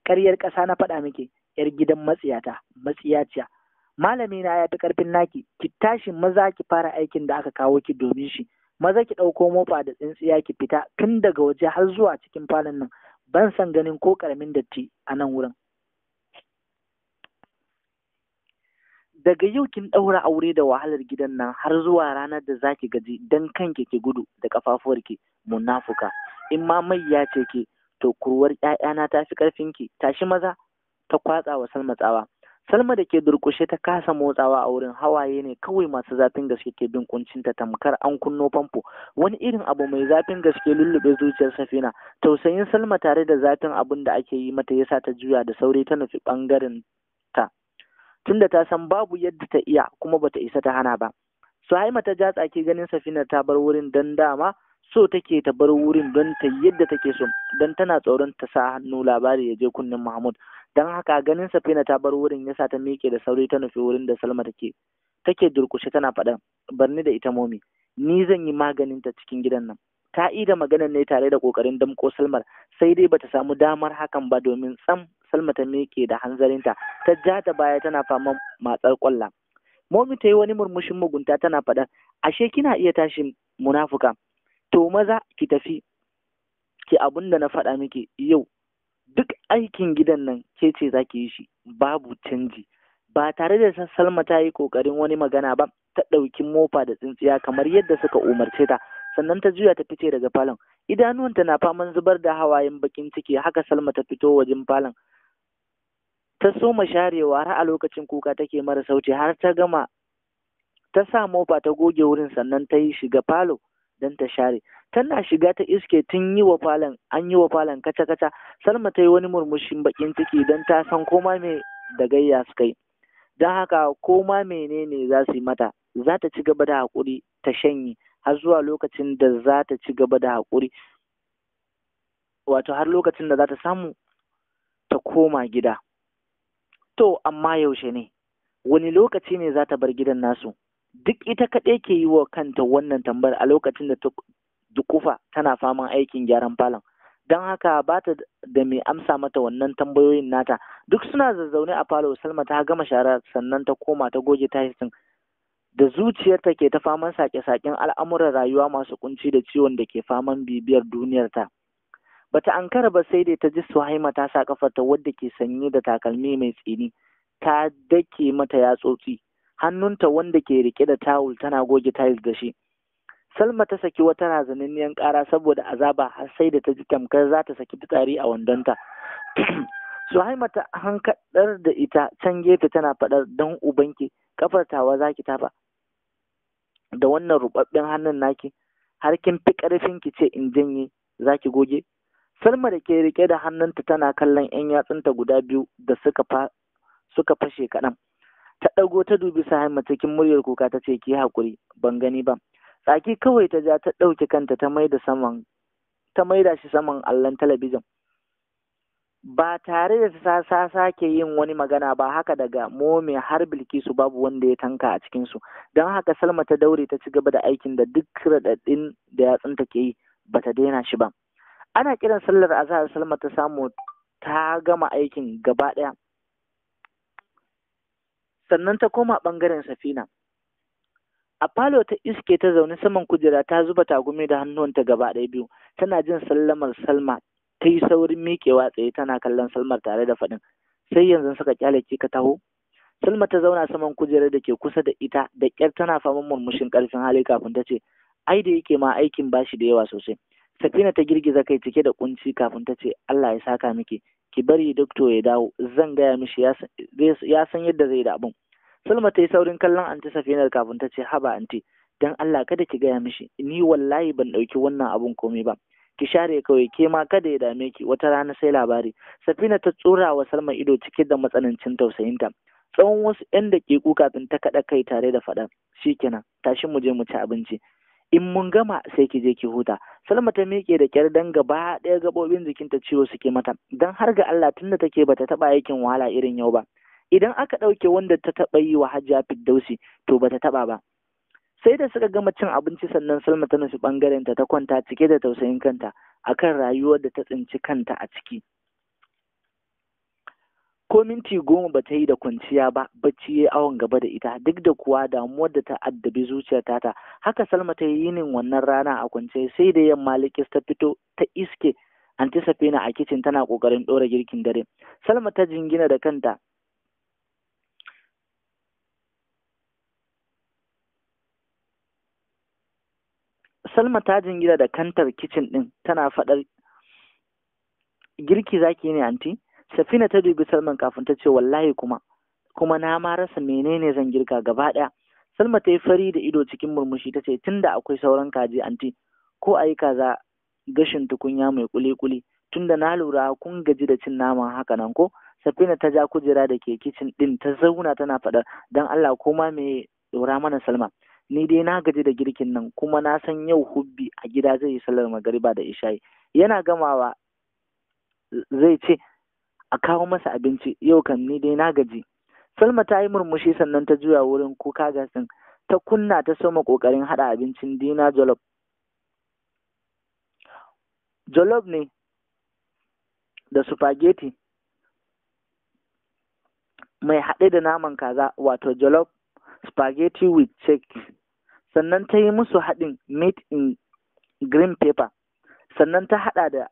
S1: ƙaryar ƙasa na faɗa miki yar gidan matsiyata matsiyaciya malami na ya fi ƙarfin naki ki tashi maza ki fara aikin da aka kawo ki domin shi maza ki ɗauko mofa da tsintsiya ki fita tun daga waje har zuwa cikin falon nan ban san ganin ko ƙaramin datti a nan wurin daga yau kin ɗaura aure da wahalar gidan nan har zuwa ranar da zaki gaji dan kanki ki gudu da kafafuwarki munafuka in ma mai ya ce ke to kurwar ƴaƴana ta fi ƙarfinki tashi maza ta kwatsa wa Salma tsawa Salma da ke durƙushe ta kasa motsawa a wurin hawaye ne kawai masu zafin gaske ke bin ta tamkar an kunno famfo wani irin abu mai zafin gaske lullube zuciyar Safina tausayin Salma tare da zafin abin da ake yi mata yasa ta juya da sauri ta nufi ɓangaren. tunda ta san babu yadda ta iya kuma bata isa ta hana ba Suhaima ta ja tsaki ganin safinar ta bar wurin don dama so take ta bar wurin don ta yadda take so don tana tsoron ta sa hannu labari ya je kunnen Mahmud don haka ganin safina ta bar wurin ya sa ta miƙe da sauri ta nufi wurin da Salma take take durkushe tana faɗan barni da ita momi ni zan yi maganin ta cikin gidan nan ta ida maganar ne tare da ƙoƙarin damƙo Salmar sai dai bata samu damar hakan ba domin tsam salma ta miƙe da hanzarinta ta ja ta baya tana faman matsar ƙwalla momi ta yi wani murmushin mugunta tana faɗa ashe kina iya tashin munafuka to maza ki tafi ki abin da na faɗa miki yau duk aikin gidan nan ke ce za ki yi shi babu canji ba tare da salma ta yi ƙoƙarin wani magana ba ta ɗauki mofa da tsintsiya kamar yadda suka umarce ta sannan ta juya ta fice daga falon idanuwanta na faman zubar da hawayen bakin ciki haka salma ta fito wajen falon ta soma sharewa har a lokacin kuka take mara sauci har ta gama ta sa mofa ta goge wurin sannan ta yi shiga falo don ta share tana shiga ta iske tun yi wa falon an yi wa falon kaca kaca salma ta yi wani murmushin bakin ciki don ta san koma mai da gayya su kai, don haka koma menene za su yi mata za ta ci gaba da haƙuri ta shanye har zuwa lokacin da za ta ci gaba da haƙuri wato har lokacin da za ta samu ta koma gida To, amma yaushe ne, wani lokaci ne za ta bar gidan nasu, duk ita kaɗai ke yi wa kanta wannan tambar a lokacin da ta dukufa tana faman aikin gyaran falon. Don haka ba ta da mai amsa mata wannan tambayoyin nata, duk suna zazzaune a falo Salma ta gama shara sannan ta koma ta goge tahisin da zuciyarta ke ta faman sake-saken al'amuran rayuwa masu kunci da ciwon da ke faman bibiyar duniyarta. bata ankara ba sai da ta ji suhaima ta sa kafarta wadda ke sanye da takalmi mai tsini ta dake mata yatsotsi hannunta wanda ke rike da tawul tana goge tiles da shi salma ta saki wata razananniyan kara saboda azaba har sai da ta ji tamkar za ta saki fitsari a wandonta suhaima ta hankadar da ita can gefe tana faɗar dan ubanki kafar tawa ki tafa da wannan rubabben hannun naki har kin fi karfin ki ce in janye za ki goge Salma da ke rike da hannunta tana kallon 'yan yatsunta guda biyu da suka fashe kaɗan. Ta ɗago ta dubi Sahima cikin muryar kuka ta ce ki haƙuri ban gani ba. Tsaki kawai ta ja ta ɗauki kanta ta maida saman shi saman allon talabijin. Ba tare da ta sake yin wani magana ba haka daga mome har Bilkisu babu wanda ya tanka a cikinsu. Don haka Salma ta daure ta ci gaba da aikin da duk raɗaɗin da yatsunta ke yi ba ta daina shi ba. ana kiran sallar azhar salma ta samu ta gama aikin gaba ɗaya sannan ta koma ɓangaren safina a falo ta iske ta zaune saman kujera ta zuba tagumi da hannuwanta gaba ɗaya biyu tana jin sallamar salma ta yi saurin miƙewa tsaye tana kallon salmar tare da faɗin sai yanzu suka kyale ki ka taho salma ta zauna saman kujera da ke kusa da ita da ƙyar tana faman murmushin ƙarfin hali kafin ta ce ai da yake ma aikin bashi da yawa sosai Safina ta girgiza kai cike da kunci kafin ta ce Allah ya saka miki ki bari dokto ya dawo zan gaya mishi ya san yadda zai da abin. Salma ta yi saurin kallon anti Safinar kafin ta ce haba anti dan Allah kada ki gaya mishi ni wallahi ban ɗauki wannan abun komai ba. ki share kawai ke ma kada ya dame ki wata rana sai labari safina ta tsura wa salma ido cike da matsanancin tausayinta tsawon wasu yan dakiku kafin ta kaɗa kai tare da faɗa shikenan tashi mu je mu ci abinci in mun gama sai ki je ki huta salma ta miƙe da kyar dan gaba ɗaya gaɓoɓin jikinta ciwo suke mata dan har ga Allah tunda take bata taɓa aikin wahala irin yau ba idan aka ɗauke wanda ta taɓa yi wa hajiya fiddausi to bata taɓa ba sai da suka gama cin abinci sannan salma ta nufi ɓangaren ta ta kwanta cike da tausayin kanta akan rayuwar da ta tsinci kanta a ciki ko minti goma ba ta yi da kwanciya ba bacci ya awon gaba da ita duk da kuwa damuwar da ta addabi zuciyar ta. haka salma ta yi yinin wannan rana a kwance sai da yamma likis ta fito ta iske anti safina a kicin tana kokarin ɗora girkin dare salma ta jingina da kanta salma ta jingina da kantar kicin din tana faɗar girki zaki ne anti safina ta dubi salman kafin ta ce wallahi kuma kuma na ma rasa menene zan girka gaba ɗaya salma ta yi fari da ido cikin murmushi ta ce tunda akwai sauran kaji anti ko a yi kaza gashin tukunya mai kuli-kuli tunda na lura kun gaji da cin naman haka nan ko safina ta ja kujera da ke kicin din ta zauna tana faɗa don allah ko ma me ɗora mana salma ni dai na gaji da girkin nan kuma na san yau hubbi a gida zai yi sallar magariba da ishayi. yana gamawa zai ce a kawo masa abinci yau kan ni dai na gaji salma ta yi murmushi sannan ta juya wurin kuka gasin ta kunna ta soma kokarin hada abincin dina jolof jolof ne da supageti mai haɗe da naman kaza wato jollof spaghetti with cheese sannan ta yi musu haɗin meat in green pepper sannan ta haɗa da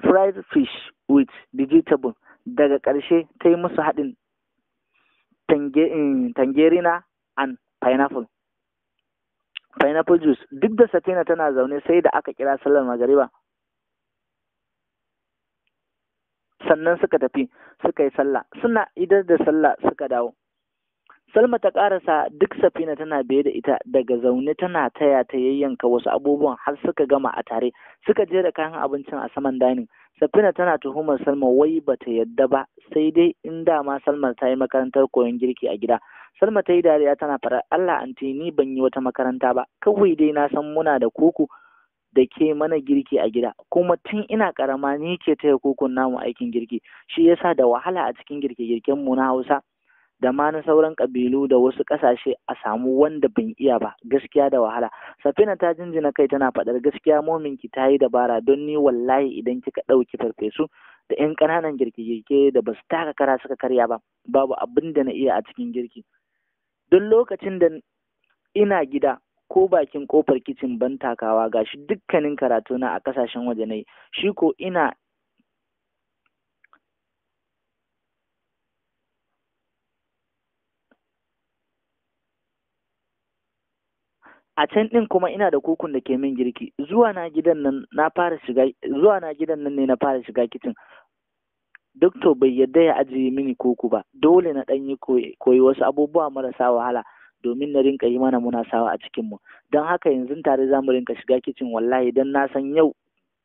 S1: fried fish with vegetable daga ƙarshe ta yi musu haɗin eh, tangerina and pineapple pineapple juice duk da safina tana zaune sai da aka kira sallar magariba sannan suka tafi suka yi sallah suna idar da sallah suka dawo Salma ta ƙarasa duk safina tana biye da ita daga zaune tana taya ta yayyanka wasu abubuwan har suka gama a tare suka je da kayan abincin a saman dining. Safina tana tuhumar Salma wai bata yadda ba sai dai in dama Salma ta yi makarantar koyon girki a gida. Salma ta yi dariya tana faɗar Allah anti ni ban yi wata makaranta ba kawai dai na san muna da koko da ke mana girki a gida kuma tun ina karama ni ke taya kokon namu aikin girki shi yasa da wahala a cikin girke-girken mu na Hausa da ma na sauran ƙabilu da wasu ƙasashe a samu wanda ban iya ba gaskiya da wahala safina ta jinjina kai tana faɗar gaskiya mominki ta yi dabara don ni wallahi idan kika ɗauki farfesu da 'yan ƙananan girke-girke da ba su taka kara suka karya ba babu abin da na iya a cikin girki don lokacin da ina gida ko bakin kofar kicin ban takawa gashi dukkanin karatuna a ƙasashen waje na yi shi ko ina a can ɗin kuma ina da kukun da ke min girki zuwa na gidan nan na fara shiga zuwa na gidan nan ne na fara shiga kicin doktor bai yadda ya ajiye mini kuku ba dole na ɗan yi koyi wasu abubuwa marasa wahala domin na rinka yi mana munasawa a cikin mu don haka yanzu tare za mu rinka shiga kicin wallahi don na san yau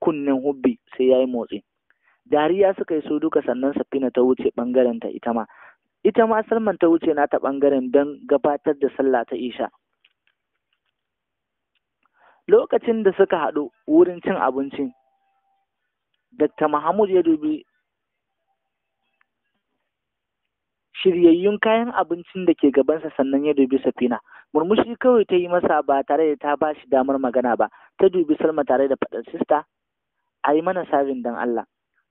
S1: kunnen hubbi sai ya yi motsi dariya suka yi so duka sannan safina ta wuce bangaren ta ita ma ita ma salman ta wuce na ta bangaren don gabatar da sallah ta isha lokacin da suka haɗu wurin cin abinci Dr. Mahmud ya dubi shiryayyun kayan abincin da ke gabansa sannan ya dubi safina murmushi kawai ta yi masa ba tare da ta ba shi damar magana ba ta dubi salma tare da faɗin sista a yi mana sabin don allah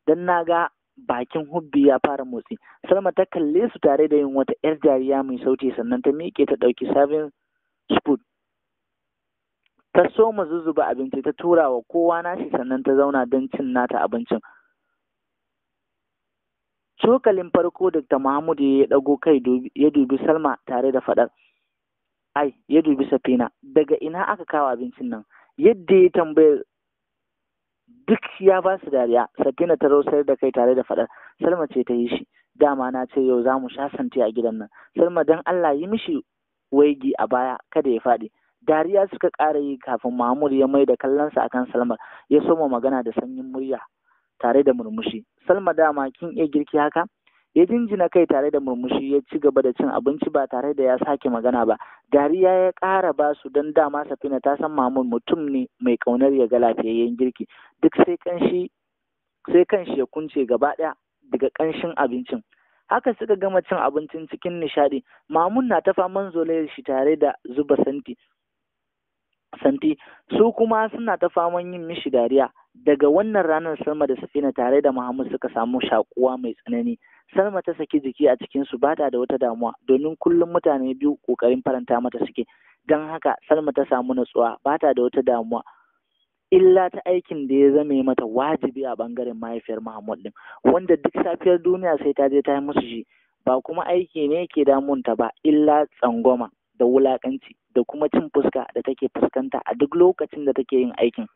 S1: don na ga bakin hubbi ya fara motsi salma ta kalle su tare da yin wata yar jariya mai sauti sannan ta miƙe ta ɗauki sabin spoon ta so mu zuzzuba abinci ta tura wa kowa nashi sannan ta zauna don cin nata abincin cokalin farko dr mahmud ya dago kai ya dubi salma tare da faɗar ai ya dubi safina daga ina aka kawo abincin nan yadda ya tambayar duk ya ba su dariya safina ta rausar da kai tare da faɗar salma ce ta yi shi dama na ce yau za mu sha santi a gidan nan salma don allah yi mishi waigi a baya kada ya faɗi dariya suka ƙara yi kafin mahmud ya mai da kallonsa akan salma ya soma magana da sanyin murya tare da murmushi salma dama kin iya girki haka ya jinjina kai tare da murmushi ya ci gaba da cin abinci ba tare da ya sake magana ba dariya ya ƙara ba su don dama safina ta san mahmud mutum ne mai ƙaunar ya ga lafiyayyen girki duk sai kanshi sai kanshi ya kunce gaba ɗaya daga ƙanshin abincin haka suka gama cin abincin cikin nishaɗi mamun na ta faman zolayar shi tare da zuba santi santi su kuma suna ta faman yin mishi dariya daga wannan ranar salma da safina tare da muhammad suka samu shakuwa mai tsanani salma ta saki jiki a cikin su bata da wata damuwa domin kullum mutane biyu kokarin faranta mata suke don haka salma ta samu natsuwa bata da wata damuwa illa ta aikin da ya zame mata wajibi a bangaren mahaifiyar muhammad din wanda duk safiyar duniya sai ta je ta yi musu shi ba kuma aiki ne ke damunta ba illa tsangwama da wulakanci da kuma cin fuska da take fuskanta a duk lokacin da take yin aikin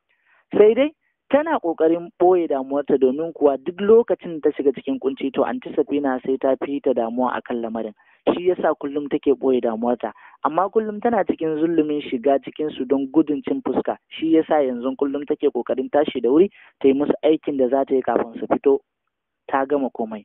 S1: sai dai tana ƙoƙarin ɓoye damuwarta domin kuwa duk lokacin da ta shiga cikin kunci to anti safina sai ta fi ta damuwa kan lamarin shi yasa kullum take ɓoye damuwarta amma kullum tana cikin zulumin shiga cikin su don gudun cin fuska shi yasa yanzu kullum take ƙoƙarin tashi da wuri ta yi musu aikin da za ta yi kafin su fito ta gama komai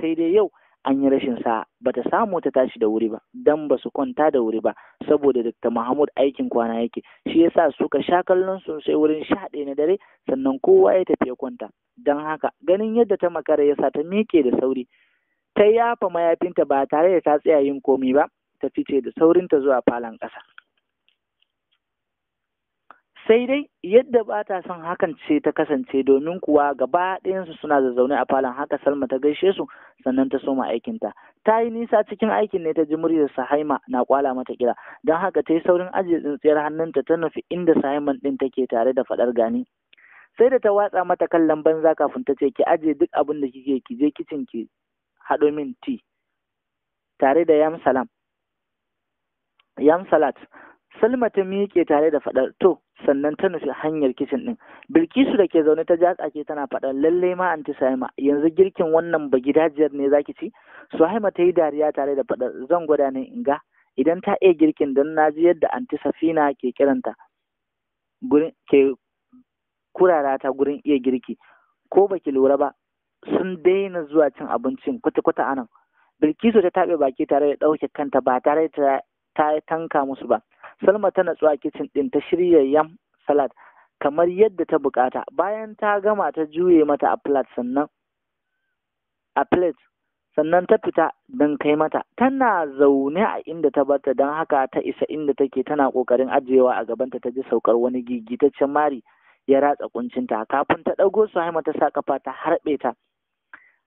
S1: sai dai yau an yi rashin sa bata samu ta tashi da wuri ba dan ba su kwanta da wuri ba saboda Dr. Mahmud aikin kwana yake shi yasa suka sha kallon su wurin sha ɗaya na dare sannan kowa ya tafi ya kwanta dan haka ganin yadda ta makara yasa ta miƙe da sauri ta yafa mayafinta ba tare da ta tsaya yin komi ba ta fice da saurinta zuwa falon ƙasa sai dai yadda ba ta son hakan ce ta kasance domin kuwa gaba ɗayansu suna zaune a falon haka salma ta gaishe su sannan ta soma aikinta ta yi nisa cikin aikin ne ta ji muryar sahaima na kwala mata kira don haka ta yi saurin ajiye tsintsiyar hannunta ta nufi inda sahaiman ɗin take tare da faɗar gani sai da ta watsa mata kan lamban za kafin ta ce ki ajiye duk abin da kike ki je kicin ki haɗo min ti tare da yam salam yam salat Salma ta miƙe tare da faɗar to sannan ta nufi hanyar kicin ɗin. Bilkisu da ke zaune ta ja tsake tana faɗar lalle ma anti Sahima yanzu girkin wannan ba gidajiyar ne zaki ci. Suhaima ta yi dariya tare da faɗar zan gwada ne in ga idan ta iya girkin don na ji yadda anti Safina ke kiranta ke kurara ta gurin iya girki ko baki lura ba sun daina zuwa cin abincin kwata-kwata anan. Bilkisu ta taɓe baki tare da ɗauke kanta ba tare ta tanka musu ba. Salma ta natsuwa kicin ɗin ta shirya yam salad kamar yadda ta bukata. Bayan ta gama ta juye mata a plate sannan a plate sannan ta fita don kai mata. Tana zaune a inda ta barta don haka ta isa inda take tana kokarin ajiyewa a gabanta ta ji saukar wani gigitaccen mari ya ratsa kuncinta. Kafin ta ɗago haima ta sa kafa ta harbe ta.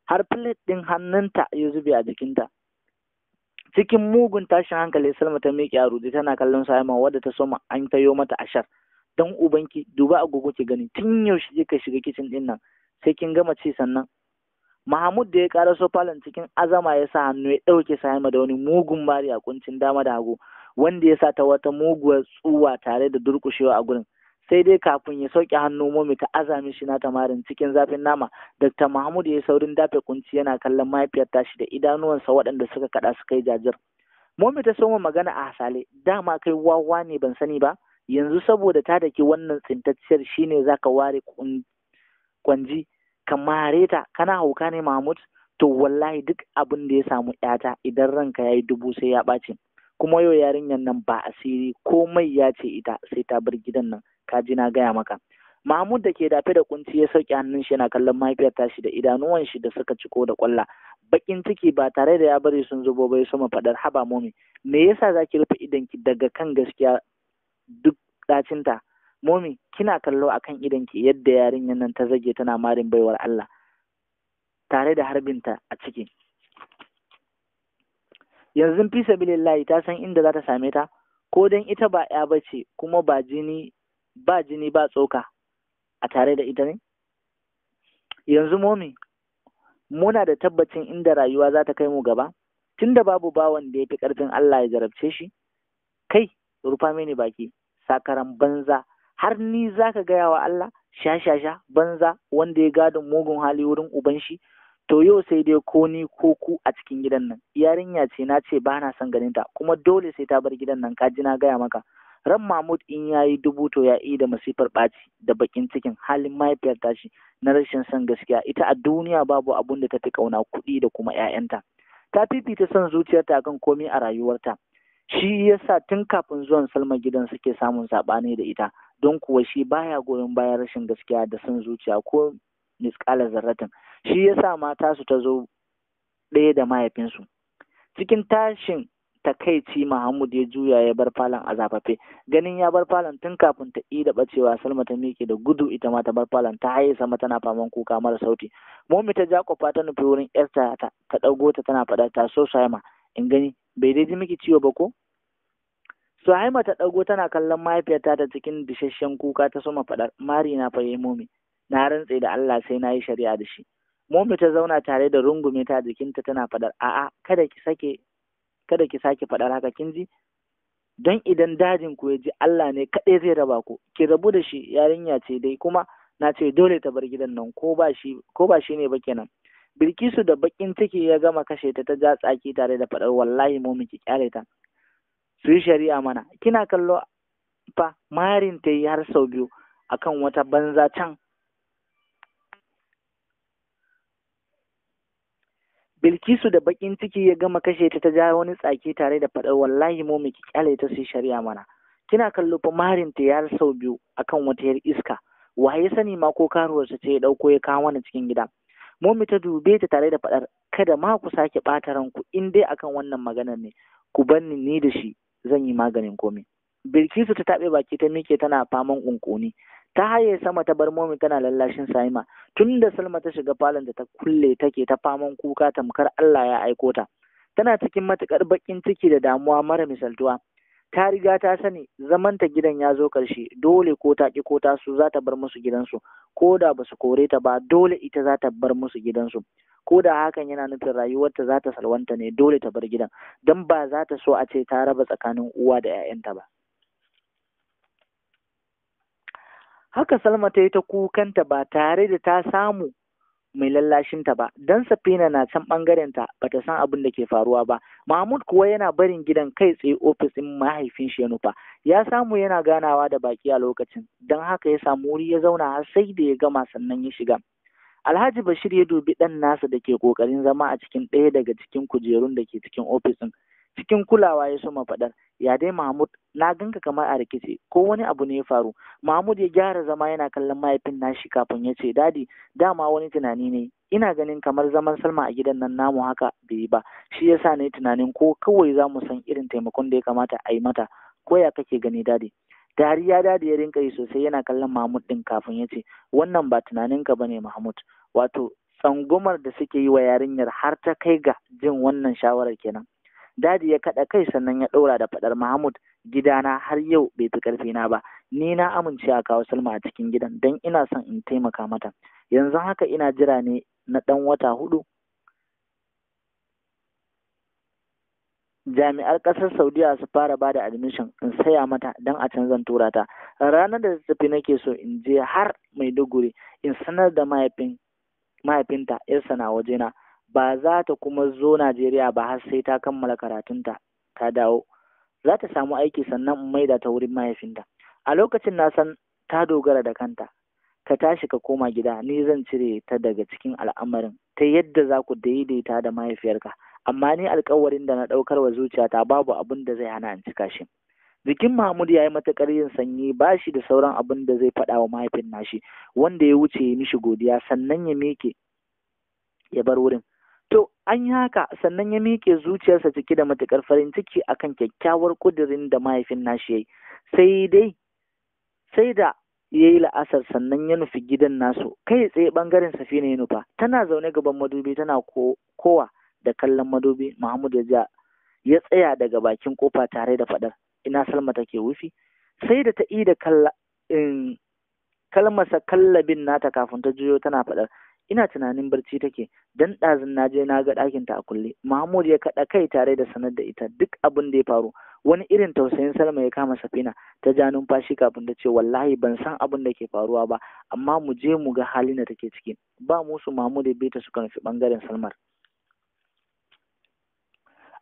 S1: Har plate ɗin hannunta ya zube a jikinta. cikin mugun tashin hankali salma ta miƙe a rudi tana kallon sa'ima wadda ta soma an tayo mata ashar dan ubanki duba agogo ki gani tun yaushe kika shiga kicin din nan sai kin gama ci sannan Mahmud da ya karaso falon cikin azama ya sa hannu ya ɗauke Sa'ima da wani mugun mari a kuncin dama da hagu wanda ya sa ta wata muguwar tsuwa tare da durƙushewa a gurin sai dai kafin ya sauke hannu momi ta azami shi na tamarin cikin zafin nama dr mahmud ya saurin dafe kunci yana kallon mahaifiyar tashi da idanuwansa waɗanda suka kaɗa su kai jajir momi ta soma magana a hasale dama kai wawa ne ban sani ba yanzu saboda ta daki wannan tsintacciyar shine zaka ware kwanji ka ta kana hauka ne mahmud to wallahi duk abin da ya samu yata idan ranka ya yi dubu sai ya ɓace. kuma yau yarinyar nan ba asiri komai ya ce ita sai ta bar gidan nan ka na gaya maka Mahmud da ke dafe da kunci ya sauke hannun shi yana kallon mahaifiyar tashi da idanuwan shi da suka ciko da kwalla bakin ciki ba tare da ya bari sun zubo bai sama faɗar haba momi me yasa ki rufe idanki daga kan gaskiya duk ɗacinta. momi kina kallo akan idanki yadda yarinyar nan ta zage tana marin baiwar Allah tare da harbinta a ciki yanzu fi sabilillahi ta san inda za ta same ta ko dan ita ba ya bace kuma ba jini ba jini ba tsoka a tare da ita ne yanzu momi muna da tabbacin inda rayuwa za ta kai mu gaba tunda babu bawan da ya fi ƙarfin Allah ya jarabce shi kai rufa mini baki sakaran banza har ni za ka gaya wa Allah Sha-sha-sha, banza wanda ya gadon mugun hali wurin uban shi to yau sai dai ko ni ko ku a cikin gidan nan yarinya ce na ce ba na son ganin ta kuma dole sai ta bar gidan nan ka ji na gaya maka ran mahmud in ya yi dubu to ya da masifar ɓaci da bakin cikin halin mahaifiyar tashi na rashin son gaskiya ita a duniya babu abun da ta fi ƙauna kuɗi da kuma 'ya'yanta ta fifita son zuciyarta kan komai a rayuwarta shi yasa tun kafin zuwan salma gidan suke samun saɓani da ita don kuwa shi baya goyon bayan rashin gaskiya da son zuciya ko miskala zarratin shi yasa mata su ta zo ɗaya da mahaifinsu cikin tashin takaici Mahmud ya juya ya bar falon a zafafe ganin ya bar falon tun kafin ta ida bacewa Salma ta miƙe da gudu ita ma ta bar falon ta haye sama tana faman kuka mara sauti Momi ta jakofa ta nufi wurin Esther ta dago ta tana faɗa ta so Saima in gani bai dai miki ciwo ba ko Suhaima ta ɗago tana kallon mahaifiyarta da cikin dishashen kuka ta soma faɗar mari na fa yayi na rantse da Allah sai na yi shari'a da shi Momi ta zauna tare da rungume ta jikinta tana faɗar a'a kada ki sake kada ki sake faɗar haka kin ji don idan dajin ku ya ji Allah ne kaɗai zai raba ku ki rabu da shi yarinya ce dai kuma na ce dole ta bar gidan nan ko ba shi ko ba shi ne ba kenan Bilkisu da bakin ciki ya gama kashe ta ta ja tsaki tare da faɗar wallahi mu miki kyale ta su yi shari'a mana kina kallo fa marin ta yi har sau biyu akan wata banza can Bilkisu da bakin ciki ya gama kashe ta ta ja wani tsaki tare da faɗar wallahi mu miki kyale ta su shari'a mana. Kina kallo fa marin ta ya sau biyu akan wata yar iska. Waye sani ma ko karuwarsa ce ya dauko ya kawo mana cikin gida. Momi ta dube ta tare da faɗar kada ma ku sake ɓata ranku in dai akan wannan maganar ne ku banni ni da shi zan yi maganin komai. Bilkisu ta taɓe baki ta mike tana faman ƙunƙuni ta haye sama ta bar momin tana lallashin Sa'ima, tun da Salma ta shiga falon da ta kulle take ta faman kuka tamkar Allah ya aiko ta tana cikin matukar bakin ciki da damuwa mara misaltuwa ta riga ta sani zamanta gidan ya zo karshe dole ko ta ki ko ta su za ta bar musu gidansu ko da ba su kore ta ba dole ita za ta bar musu gidansu ko da hakan yana nufin rayuwarta za ta salwanta ne dole ta bar gidan don ba za ta so a ce ta raba tsakanin uwa da 'ya'yanta ba haka salma ta yi ta kukanta ba tare da ta samu mai lallashinta ba don safina na can bangarenta ba ta san abin da ke faruwa ba mahmud kuwa yana barin gidan kai tsaye ofisin mahaifin shi ya ya samu yana ganawa da baki a lokacin don haka ya samu wuri ya zauna har sai da ya gama sannan ya shiga alhaji bashir ya dubi ɗan nasa da ke kokarin zama a cikin ɗaya daga cikin kujerun da ke cikin ofisin. cikin kulawa ya soma faɗar ya dai mahmud na ganka kamar a rikice ko wani abu ne ya faru mahmud ya gyara zama yana kallon mahaifin nashi kafin ya ce dadi dama wani tunani ne ina ganin kamar zaman salma a gidan nan namu haka bai yi ba shi yasa ne tunanin ko kawai za mu san irin taimakon da ya kamata a yi mata ko ya kake gani dadi dariya dadi ya rinka yi sosai yana kallon mahmud din kafin ya ce wannan ba tunaninka ne mahmud wato tsangumar da suke yi wa yarinyar har ta kai ga jin wannan shawarar kenan dadi ya kaɗa kai sannan ya ɗaura da faɗar mahmud gidana har yau bai fi ƙarfi na ba ni na amince a kawo salma a cikin gidan don ina son in taimaka mata yanzu haka ina jira ne na ɗan wata hudu jami'ar ƙasar saudiya su fara bada da admission in saya mata don a can zan tura ta ranar da tafi nake so in je har maiduguri in sanar da mahaifin mahaifinta yarsa na wajena ba za ta kuma zo Najeriya ba har sai ta kammala karatunta ta dawo za ta samu aiki sannan in maida ta wurin mahaifinta a lokacin na san ta dogara da kanta ka tashi ka koma gida ni zan cire ta daga cikin al'amarin ta yadda za ku daidaita da mahaifiyarka amma ni alkawarin da na ɗaukar wa zuciya ta babu abin da zai hana in cika shi jikin Mahmud ya yi matuƙar yin sanyi ba shi da sauran abin da zai faɗa wa mahaifin nashi wanda ya wuce ya mishi godiya sannan ya meke ya bar wurin To, an yi haka sannan ya miƙe zuciyarsa cike da matuƙar farin ciki a kan kyakkyawar ƙudurin da mahaifin nashi ya yi. Sai dai, sai da ya yi la'asar sannan ya nufi gidan nasu, kai tsaye ɓangaren safina ya nufa. Tana zaune gaban madubi tana kowa da kallon madubi Muhammad ya ya tsaya daga bakin ƙofa tare da faɗar ina Salma take wufi sai da ta ida da in kallabin nata kafin ta juyo tana faɗar ina tunanin barci take dan ɗazin na je na ga ɗakin ta a kulle mahmud ya kaɗa kai tare da sanar da ita duk abin da ya faru wani irin tausayin salma ya kama safina ta ja numfashi kafin ta ce wallahi ban san abin da ke faruwa ba amma mu je mu ga halin da take ciki ba musu mahmud ya beta suka nufi bangaren salmar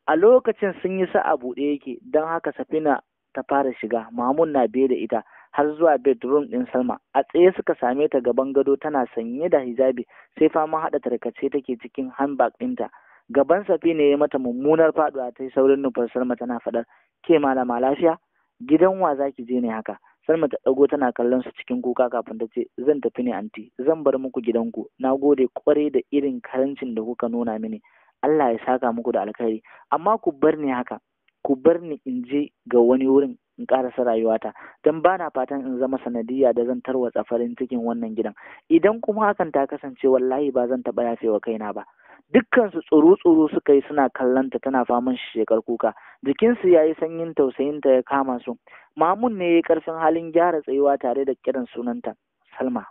S1: a lokacin sun yi sa'a buɗe yake don haka safina ta fara shiga mahmud na biye da ita har zuwa bedroom ɗin Salma. A tsaye suka same ta gaban gado tana sanye da hijabi sai fama haɗa tarkace take cikin handbag ɗinta. Gaban safi ne ya mata mummunar faɗuwa ta yi saurin nufar Salma tana faɗar ke malama lafiya gidan wa zaki je ne haka. Salma ta ɗago tana kallon su cikin kuka kafin ta ce zan tafi ne anti zan bar muku gidanku na gode kwarai da irin karancin da kuka nuna mini Allah ya saka muku da alkhairi amma ku bar ni haka ku bar ni in je ga wani wurin in karasa rayuwata don ba na fatan in zama sanadiyya da zan tarwatsa farin cikin wannan gidan idan kuma hakan ta kasance wallahi ba zan taɓa yafewa kaina ba dukkansu tsoro-tsoro suka yi suna kallanta tana faman shekar kuka jikinsu ya yi sanyin tausayin ta ya kama su mamun ne ya yi ƙarfin halin gyara tsayuwa tare da kiran sunanta salma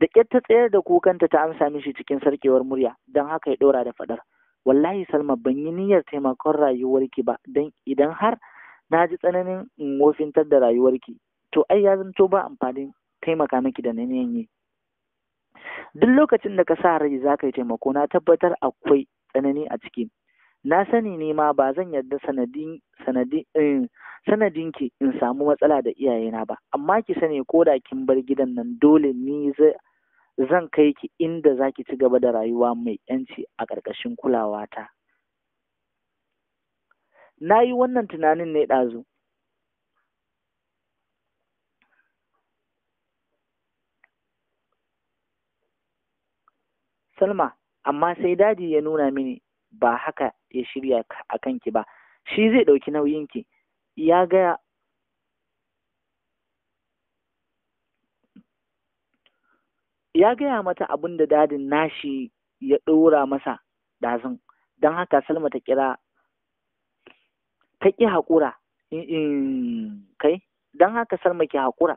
S1: da ƙyar ta tsayar da kukanta ta amsa mishi cikin sarkewar murya don haka ya ɗora da faɗar wallahi salma ban yi niyyar taimakon rayuwarki ba don idan har na ji tsananin in wofintar da rayuwarki to ai ya zanto ba amfanin taimaka miki da nan yi duk lokacin da ka sa rai za ka yi taimako na tabbatar akwai tsanani a ciki na sani ne ma ba zan yarda sanadin eh, sanadin ki in samu matsala da iyayena ba amma ki sani ko da kin bar gidan nan dole ni zan kai ki inda za ki ci gaba da rayuwa mai yanci a ƙarƙashin kulawata na yi wannan tunanin ne ɗazu Salma, amma sai daji ya nuna mini ba haka ya shirya a kanki ba, shi zai ɗauki nauyinki, ya gaya ya gaya mata abin da dadin nashi ya ɗora masa ɗazun, don haka Salma ta kira Ka ƙi haƙura in kai don haka salma ki haƙura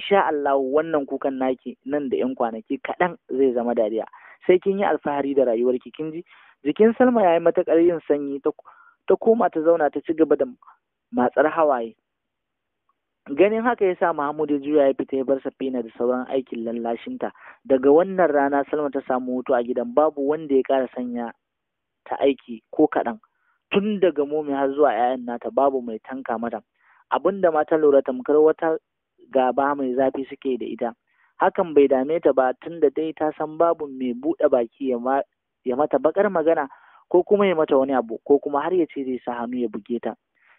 S1: sha Allah wannan kukan naki nan da 'yan kwanaki kaɗan zai zama dariya sai kin yi alfahari da rayuwarki kin ji jikin Salma ya yi matuƙar yin sanyi ta koma ta zauna ta ci gaba da matsar hawaye ganin haka ya sa Mahmud ya juya ya fita ya bar Safina da sauran aikin lallashinta daga wannan rana Salma ta samu hutu a gidan babu wanda ya ƙara sanya ta aiki ko kaɗan tun daga momi har zuwa 'ya'yan nata babu mai tanka mata abin da mata lura tamkar wata gaba mai zafi suke da ita hakan bai dame ta ba tun da dai ta san babu mai buɗe baki ya mata bakar magana ko kuma ya mata wani abu ko kuma har ya ce zai sa hannu ya buge ta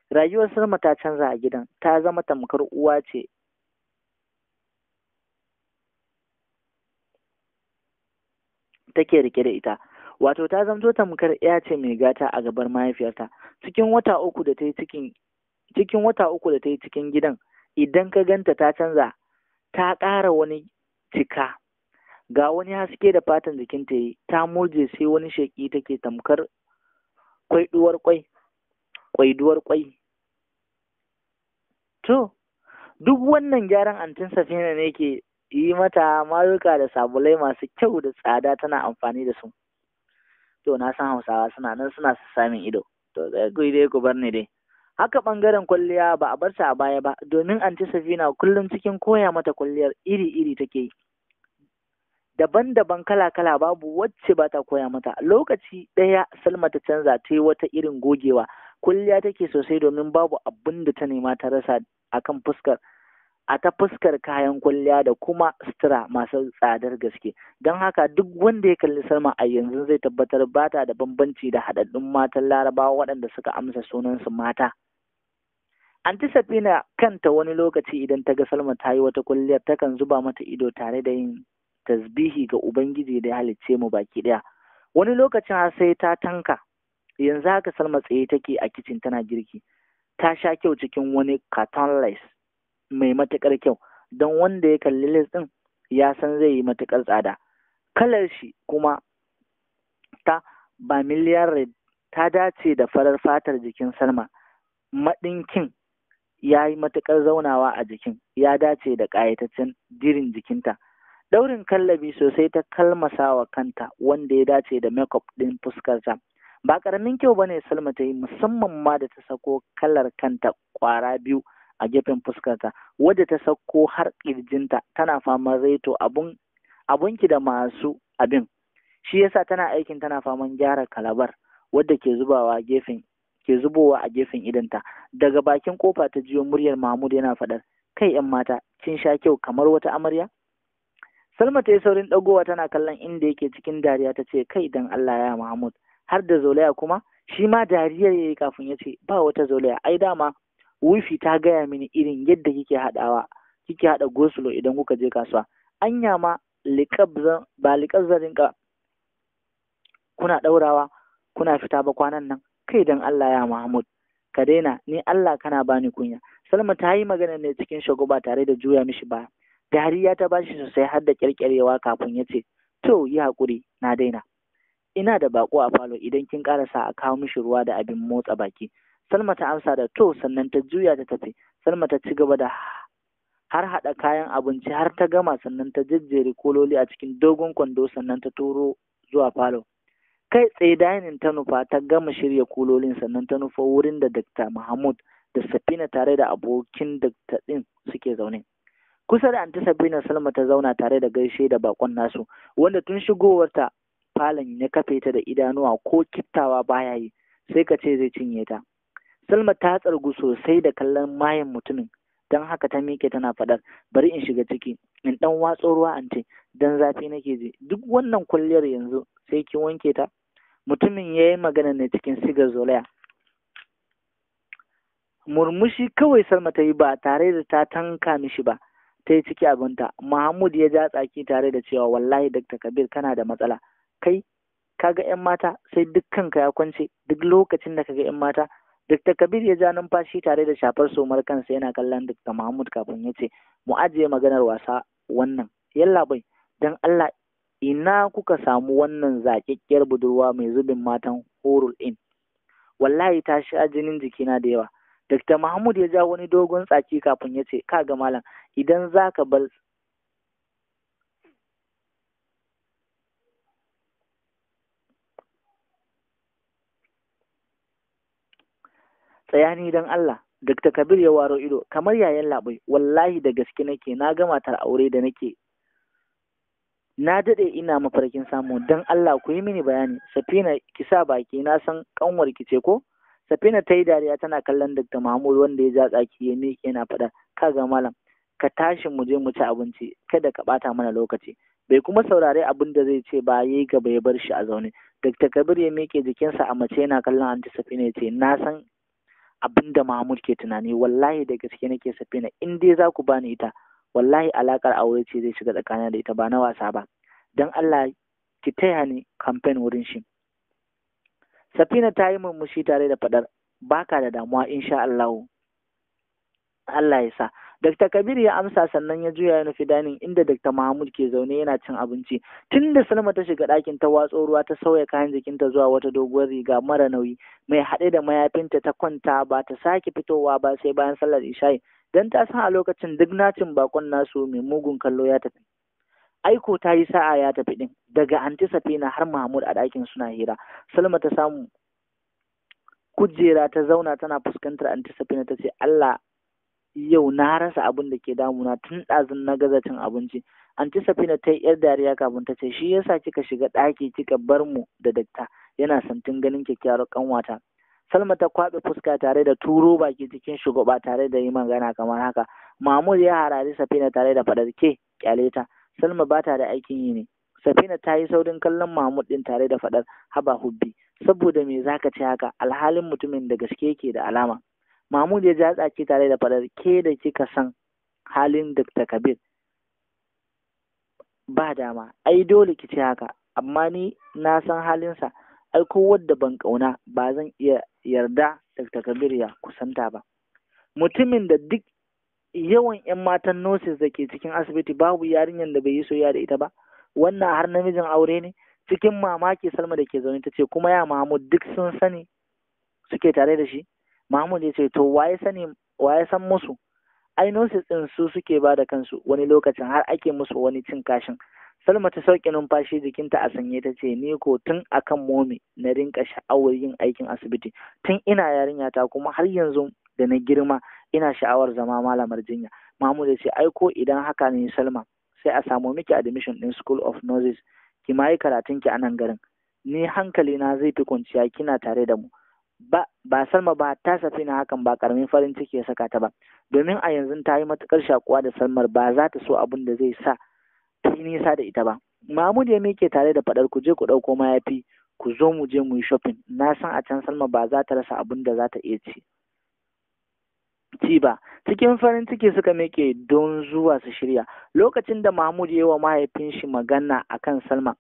S1: rayuwar sarma ta canza a gidan ta zama tamkar uwa ce take rike da ita wato ta zamto tamkar ya ce mai gata a gabar mahaifiyarta cikin wata uku da ta yi cikin cikin wata uku da ta yi cikin gidan idan ka ganta ta canza ta ƙara wani cika ga wani haske da fatan jikinta yi ta murje sai wani sheƙi take tamkar kwaiduwar kwai kwaiduwar kwai to duk wannan gyaran antin safina ne ke yi mata maruka da sabulai masu kyau da tsada tana amfani da su to na san hausawa suna nan suna samun ido to ku dai ku bar ni dai haka bangaren kwalliya ba a bar ta a baya ba domin anti safina kullum cikin koya mata kwalliyar iri-iri take yi daban-daban kala-kala babu wacce ba ta koya mata lokaci ɗaya salma ta canza ta yi wata irin gogewa kwalliya take sosai domin babu abin da ta nema ta rasa akan fuskar a ta fuskar kayan kwalliya da kuma sutura masu tsadar gaske don haka duk wanda ya kalli salma a yanzu zai tabbatar ba ta da bambanci da haɗaɗɗun matan larabawa waɗanda suka amsa sunansu mata anti safina kanta wani lokaci idan ta ga salma ta yi wata kwalliyar takan zuba mata ido tare da yin tasbihi ga ubangiji da ya halicce mu baki ɗaya wani lokacin har sai ta tanka yanzu haka salma tsaye take a kicin tana girki ta sha kyau cikin wani carton mai matuƙar kyau don wanda ya kalli lis ɗin ya san zai yi matuƙar tsada kalar shi kuma ta ba miliyar red ta dace da farar fatar jikin salma maɗinkin ya yi matuƙar zaunawa a jikin ya dace da ƙayataccen jirin jikinta daurin kallabi sosai ta kalmasa kanta wanda ya dace da makeup ɗin fuskarta ba ƙaramin kyau ba ne salma ta yi musamman ma da ta sako kalar kanta ƙwara biyu a gefen fuskarta wadda ta sauko har ƙirjinta tana faman reto abun abunki da masu abin shi yasa tana aikin tana faman gyara kalabar wadda ke zubawa gefen ke zubowa a gefen idanta daga bakin kofa ta jiyo muryar Mahmud yana faɗar kai yan mata kin sha kyau kamar wata amarya Salma ta yi saurin ɗagowa tana kallon inda yake cikin dariya ta ce kai dan Allah ya Mahmud har da zolaya kuma shi ma dariyar ya yi kafin ya ce ba wata zolaya ai dama wifi ta gaya mini irin yadda kike haɗawa kike haɗa gosulo idan kuka je kasuwa anya ma zan ba zan ka kuna ɗaurawa kuna fita ba kwanan nan kai dan Allah ya Mahmud ka daina ni Allah kana bani kunya Salma ta yi magana ne cikin shagoba tare da juya mishi ba dariya ta bashi sosai har da kyarkyarewa kafin ya ce to yi hakuri na daina ina da bako a falo idan kin karasa a kawo mishi ruwa da abin motsa baki Salma ta amsa da to sannan ta juya ta tafi. Salma ta ci gaba da har haɗa kayan abinci har ta gama sannan ta jejjere kololi a cikin dogon kwando sannan ta turo zuwa falo. Kai tsaye dainin ta nufa ta gama shirya kololin sannan ta nufa wurin da Dr. Mahmud da Safina tare da abokin Dr. ɗin suke zaune. Kusa da Anta Sabina Salma ta zauna tare da gaishe da bakon nasu, wanda tun shigowarta falon ya kafe ta da idanuwa ko kittawa baya yi, sai ka ce zai cinye ta. Salma ta tsargu sosai da kallon mayan mutumin, don haka ta miƙe tana faɗar, bari in shiga ciki, in ɗan watso ruwa ce, don zafi nake ji. Duk wannan kwalliyar yanzu sai ki wanke ta. Mutumin ya yi magana ne cikin sigar zolaya. Murmushi kawai Salma ta yi ba tare da ta tanka mishi ba, ta yi ciki abinta. Mahmud ya ja tsaki tare da cewa wallahi Dr. Kabir kana da matsala. Kai, ka ga 'yan mata sai duk ya kwance, duk lokacin da ka ga 'yan mata Dr. Kabir ya ja numfashi tare da shafar somar kansa yana kallon Dr. Mahmud kafin ya ce, Mu ajiye maganar wasa wannan, yallaɓai, don Allah ina kuka samu wannan zaƙaƙƙiyar budurwa mai zubin matan horul in. Wallahi ta sha jinin jikina da yawa. Dr. Mahmud ya ja wani dogon tsaki kafin ya ce, Ka ga malam, idan za ka bar tsayani don Allah Dr. Kabir ya waro ido kamar yayan labai wallahi da gaske nake na ga matar aure da nake na dade ina mafarkin samu don Allah ku yi mini bayani Safina kisa baki na san kanwar ki ce ko Safina ta yi dariya tana kallon Dr. Mahmud wanda ya ja tsaki ya miƙe yana faɗa ga malam ka tashi mu je mu ci abinci kada ka ɓata mana lokaci bai kuma saurari abin da zai ce ba yayi gaba ya bar shi a zaune Dr. Kabir ya miƙe jikinsa a mace yana kallon Aunty Safina ya ce na san abin da Mahmud ke tunani wallahi da gaske nake safina in dai za ku ba ni ita wallahi alakar aure ce zai shiga tsakanin da ita ba na wasa ba don Allah ki taya ni kamfen wurin shi safina ta yi murmushi tare da fadar baka da damuwa insha Allah Allah ya sa Dr. Kabir ya amsa sannan ya juya ya nufi danin inda Dr. Mahmud ke zaune yana cin abinci. Tun da Salma ta shiga ɗakin ta watso ruwa ta sauya kayan jikinta zuwa wata doguwar riga mara nauyi mai haɗe da mayafinta ta kwanta ba ta sake fitowa ba sai bayan sallar isha'i don ta san a lokacin duk nacin bakon nasu mai mugun kallo ya tafi. Aiko ta yi sa'a ya tafi ɗin daga anti safina har Mahmud a ɗakin suna hira. Salma ta samu kujera ta zauna tana fuskantar anti safina ta ce Allah yau na rasa abin da ke damuna tun ɗazun na gaza cin abinci an ci safina ta yi yar dariya kafin ta ce shi yasa kika shiga ɗaki kika bar mu da dakta yana santin ganin kyakkyawar ƙanwata. salma ta kwaɓe fuska tare da turo baki cikin shugaba tare da yi magana kamar haka mahmud ya harari safina tare da faɗar ke kyale ta salma ba ta da aikin yi ne safina ta yi saurin kallon mahmud ɗin tare da faɗar haba hubbi saboda me zaka ci haka alhalin mutumin da gaske yake da alama Mahmud ya ja tsaki tare da faɗar ke da kika san halin Dr. Kabir ba dama ai dole ki ce haka amma ni na san halinsa ai ko wanda ban kauna ba zan iya yarda Dr. Kabir ya kusanta ba mutumin da duk yawan 'yan matan nurses da ke cikin asibiti babu yarinyar da bai yi soyayya da ita ba wannan har namijin aure ne cikin mamaki salma da ke zaune ta ce kuma ya mahmud duk sun sani suke tare da shi Mahmud ya ce to waye sani waye san musu ai nurses din su suke ba da kansu wani lokacin har ake musu wani cin kashin Salma ta sauke numfashi jikinta a sanye ta ce ni ko tun akan momi na rinka sha'awar yin aikin asibiti tun ina yarinya ta kuma har yanzu da na girma ina sha'awar zama malamar jinya Mahmud ya ce ai ko idan haka ne Salma sai a samu miki admission din School of Nurses ki ma yi karatun ki a nan garin ni hankali na zai fi kwanciya kina tare da mu ba ba Salma ba ta safina hakan ba karamin farin ciki ya saka ta ba domin a yanzu ta yi matukar shakuwa da Salmar ba za ta so abin da zai sa ta yi nisa da ita ba Mahmud ya mike tare da fadar ku je ku dauko mayafi ku zo mu je mu yi shopping na san a can Salma ba za ta rasa abin da za ta iya ci ci ba cikin farin ciki suka mike don zuwa su shirya lokacin da Mahmud ya yi wa mahaifin shi magana akan Salma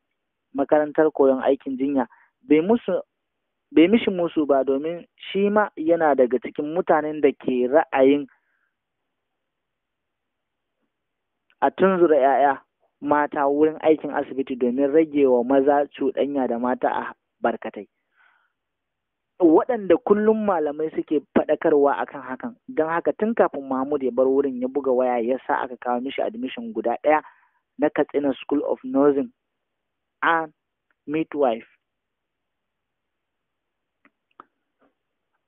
S1: makarantar koyon aikin jinya bai musu bai mishi musu ba domin shi ma yana daga cikin mutanen da ke ra'ayin a tunzura 'ya'ya mata wurin aikin asibiti domin rage wa maza cuɗanya da mata a barkatai waɗanda kullum malamai suke faɗakarwa akan hakan don haka tun kafin mahmud ya bar wurin ya buga waya ya sa aka kawo mishi admission guda ɗaya na katsina school of nursing and midwife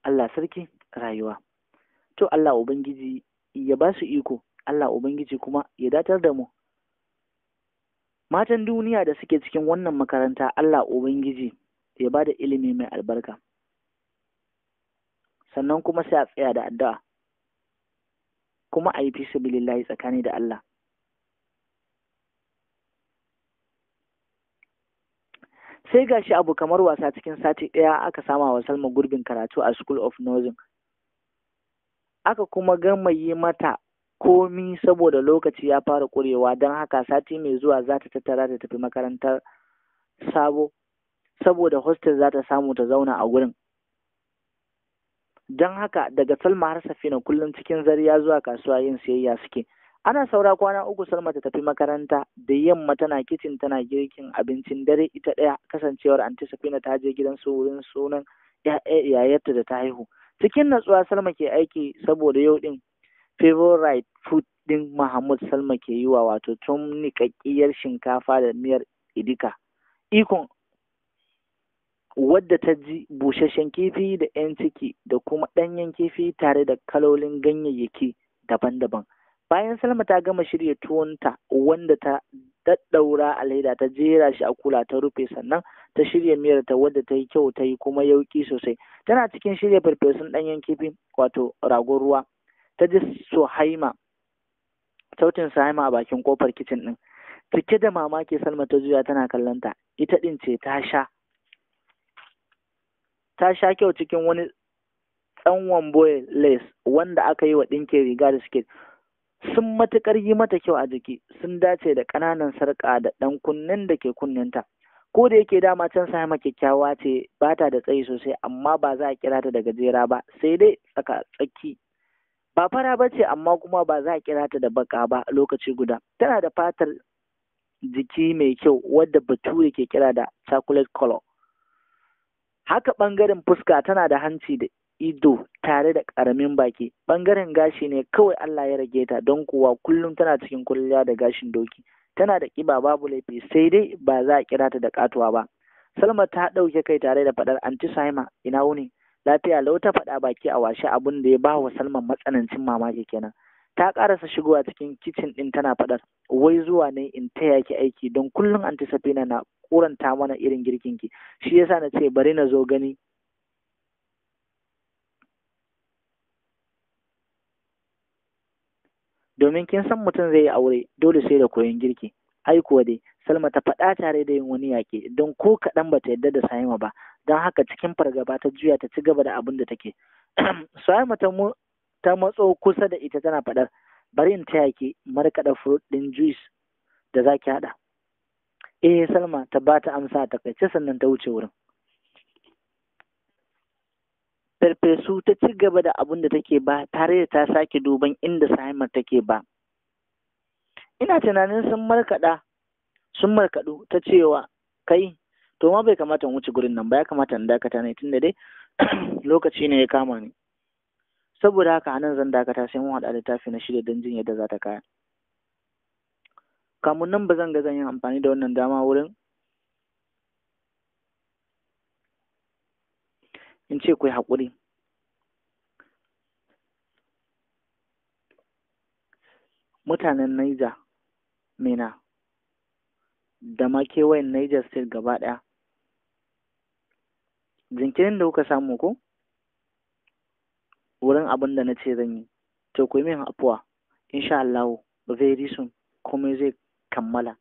S1: Allah sarki rayuwa to Allah ubangiji ya ba su iko Allah ubangiji kuma ya datar da mu matan duniya da suke cikin wannan makaranta Allah ubangiji ya ba da ilimi mai albarka sannan kuma sai a tsaya da addu'a kuma a yi fi bilillahi tsakani da Allah sai ga shi abu kamar wasa cikin sati ɗaya aka sama wa salma gurbin karatu a school of nursing aka kuma gama yi mata komi saboda lokaci ya fara ƙurewa don haka sati mai zuwa za ta tattara ta tafi makarantar sabo saboda hostel za ta samu ta zauna a wurin. don haka daga salma har safina kullum cikin zariya zuwa kasuwa yin siyayya suke ana saura kwana uku salma ta tafi makaranta da yamma tana kicin tana girkin abincin dare ita ɗaya kasancewar anti safina ta je gidan su wurin sunan 'ya'ya yayarta da ta haihu cikin natsuwa salma ke aiki saboda yau din favorite food din mahmud salma ke yi wa wato tun niƙaƙƙiyar shinkafa da miyar idika ikon wadda ta ji busasshen kifi da 'yan ciki da kuma ɗanyen kifi tare da kalolin ganyayyaki daban-daban bayan salma ta gama shirya tuwonta wanda ta daddaura a ta jera shi a kula ta rufe sannan ta shirya miyar ta wadda ta yi kyau ta yi kuma yauki sosai tana cikin shirya farfesun ɗanyen kifi wato ragon ruwa ta ji suhaima sautin haima a bakin kofar kicin ɗin cike da mamaki salma ta juya tana kallon ta ita din ce ta sha ta sha kyau cikin wani tsanwan boy lace wanda aka yi wa ɗinkin riga da siket sun matuƙar yi mata kyau a jiki sun dace da ƙananan sarƙa da ɗan kunnen da ke kunninta ko da yake dama can sama kyakkyawa ce ba ta da tsayi sosai amma ba za a kira ta da gajera ba sai dai tsaka tsaki ba fara ba ce amma kuma ba za a kira ta da baka ba lokaci guda tana da fatar jiki mai kyau wadda bature ke kira da chocolate color haka ɓangaren fuska tana da hanci da ido tare da ƙaramin baki ɓangaren gashi ne kawai Allah ya rage ta don kuwa kullum tana cikin kulliya da gashin doki tana da ƙiba babu laifi sai dai ba za a kira ta da katuwa ba Salma ta ɗauke kai tare da faɗar anti Saima ina wuni lafiya lau ta faɗa baki a washe abin da ya ba wa Salma matsanancin mamaki kenan ta ƙarasa shigowa cikin kicin ɗin tana faɗar wai zuwa ne in taya ki aiki don kullum anti Safina na kuranta mana irin girkin ki shi yasa na ce bari na zo gani domin kin san mutum zai yi aure dole sai da koyon girki ai kuwa dai Salma ta faɗa tare da yin wani yaƙi don ko kaɗan bata yarda da Sa'ima ba don haka cikin fargaba ta juya ta ci gaba da abin da take Sa'ima ta ta matso kusa da ita tana faɗar bari in taya ki markaɗa fruit ɗin juice da zaki haɗa eh Salma ta bata amsa a takaice sannan ta wuce wurin farfesu ta ci gaba da abin da take ba tare da ta sake duban inda Simon take ba. Ina tunanin sun markaɗa, sun markaɗu ta cewa kai, to ma bai kamata in wuce gurin nan ba ya kamata in dakata ne tunda dai lokaci ne ya kama ni. Saboda haka anan zan dakata sai mun haɗa littafi na shirya don jin yadda za ta kaya. Kamun nan ba zan ga zan yi amfani da wannan dama wurin in ce ku yi haƙuri mutanen Niger Mina da ma kewayen Niger State gaba ɗaya jinkirin da kuka samu ko wurin abin da na ce zan yi to ku yi min afuwa insha Allah very soon komai zai kammala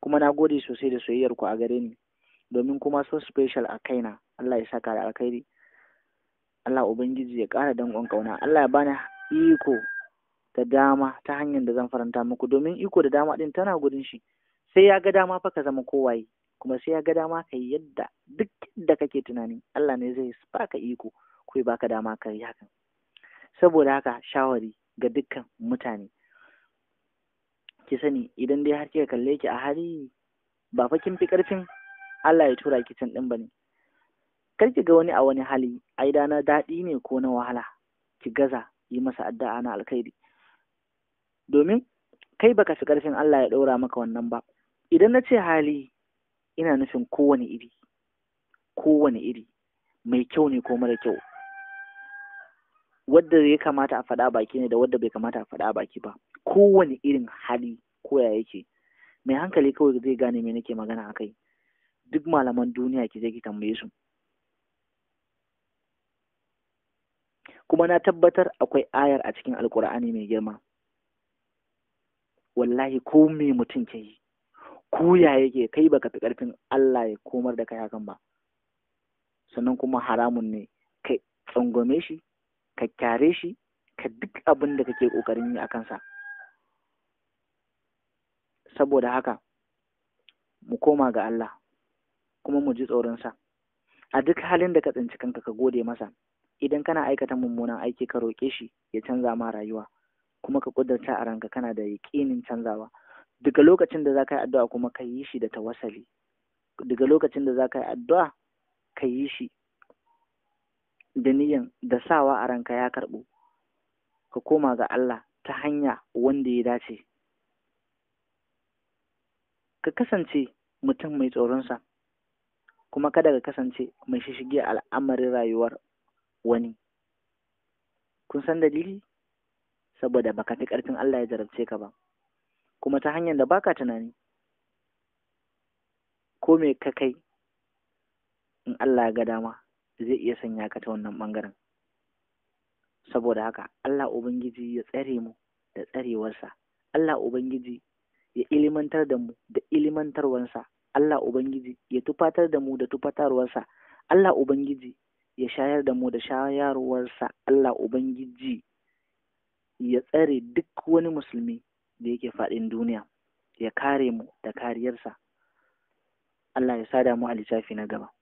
S1: kuma na gode sosai da soyayyar ku a gare ni domin kuma so special a kaina Allah ya saka da alkhairi Allah Ubangiji ya ƙara danƙon ƙauna Allah ya bani iko da dama ta hanyar da zan faranta muku domin iko da dama ɗin tana gudun shi sai ya ga dama fa ka zama kowaye kuma sai ya ga dama ka yi yadda duk da kake tunani Allah ne zai baka iko ko ya baka dama ka yi hakan saboda haka shawari ga dukkan mutane ki sani idan dai har kika kalle ki a hali ba fa kin fi karfin Allah ya tura ki can din bane kar ki ga wani a wani hali ai da na daɗi ne ko na wahala ki gaza yi masa addu'a na alkhairi domin kai baka fi ƙarfin Allah ya ɗora maka wannan ba idan na ce hali ina nufin kowane iri kowane iri mai kyau ne ko mara kyau wadda ya kamata a faɗa baki ne da wadda bai kamata a faɗa baki ba kowane irin hali ko ya yake mai hankali kawai zai gane me nake magana akai duk malaman duniya ki je ki tambaye su kuma na tabbatar akwai ayar a cikin alkur'ani mai girma wallahi ko me mutum ke yi ko ya yake kai baka fi karfin Allah ya komar da kai hakan ba sannan kuma haramun ne ka tsangwame shi ka kyare shi ka duk abin da kake kokarin yi a kansa saboda haka mu koma ga Allah kuma mu ji sa. a duk halin da ka tsinci kanka ka gode masa idan kana aikata mummunan aiki ka roƙe shi ya canza ma rayuwa kuma ka ƙudurta a ranka kana da yaƙinin canzawa daga lokacin da za ka yi addu'a kuma ka yi shi da tawasali daga lokacin da za ka yi addu'a ka yi shi da niyan da sawa a ranka ya karɓo, ka koma ga Allah ta hanya wanda ya dace ka kasance mutum mai tsoronsa kuma kada ka kasance mai shishige al'amarin rayuwar wani kun san dalili saboda baka fi ƙarfin Allah ya jarabce ka ba kuma ta hanyar da baka tunani ko me ka kai in Allah ya ga dama zai iya sanya ka ta wannan ɓangaren saboda haka Allah Ubangiji ya tsare mu da tsarewarsa Allah Ubangiji ya ilimantar da mu da ilimantarwarsa Allah Ubangiji ya tufatar da mu da tufatarwarsa Allah Ubangiji ya shayar da mu da shayarwarsa Allah Ubangiji ya tsare duk wani musulmi da yake faɗin duniya ya kare mu da kariyarsa Allah ya sada mu a littafi na gaba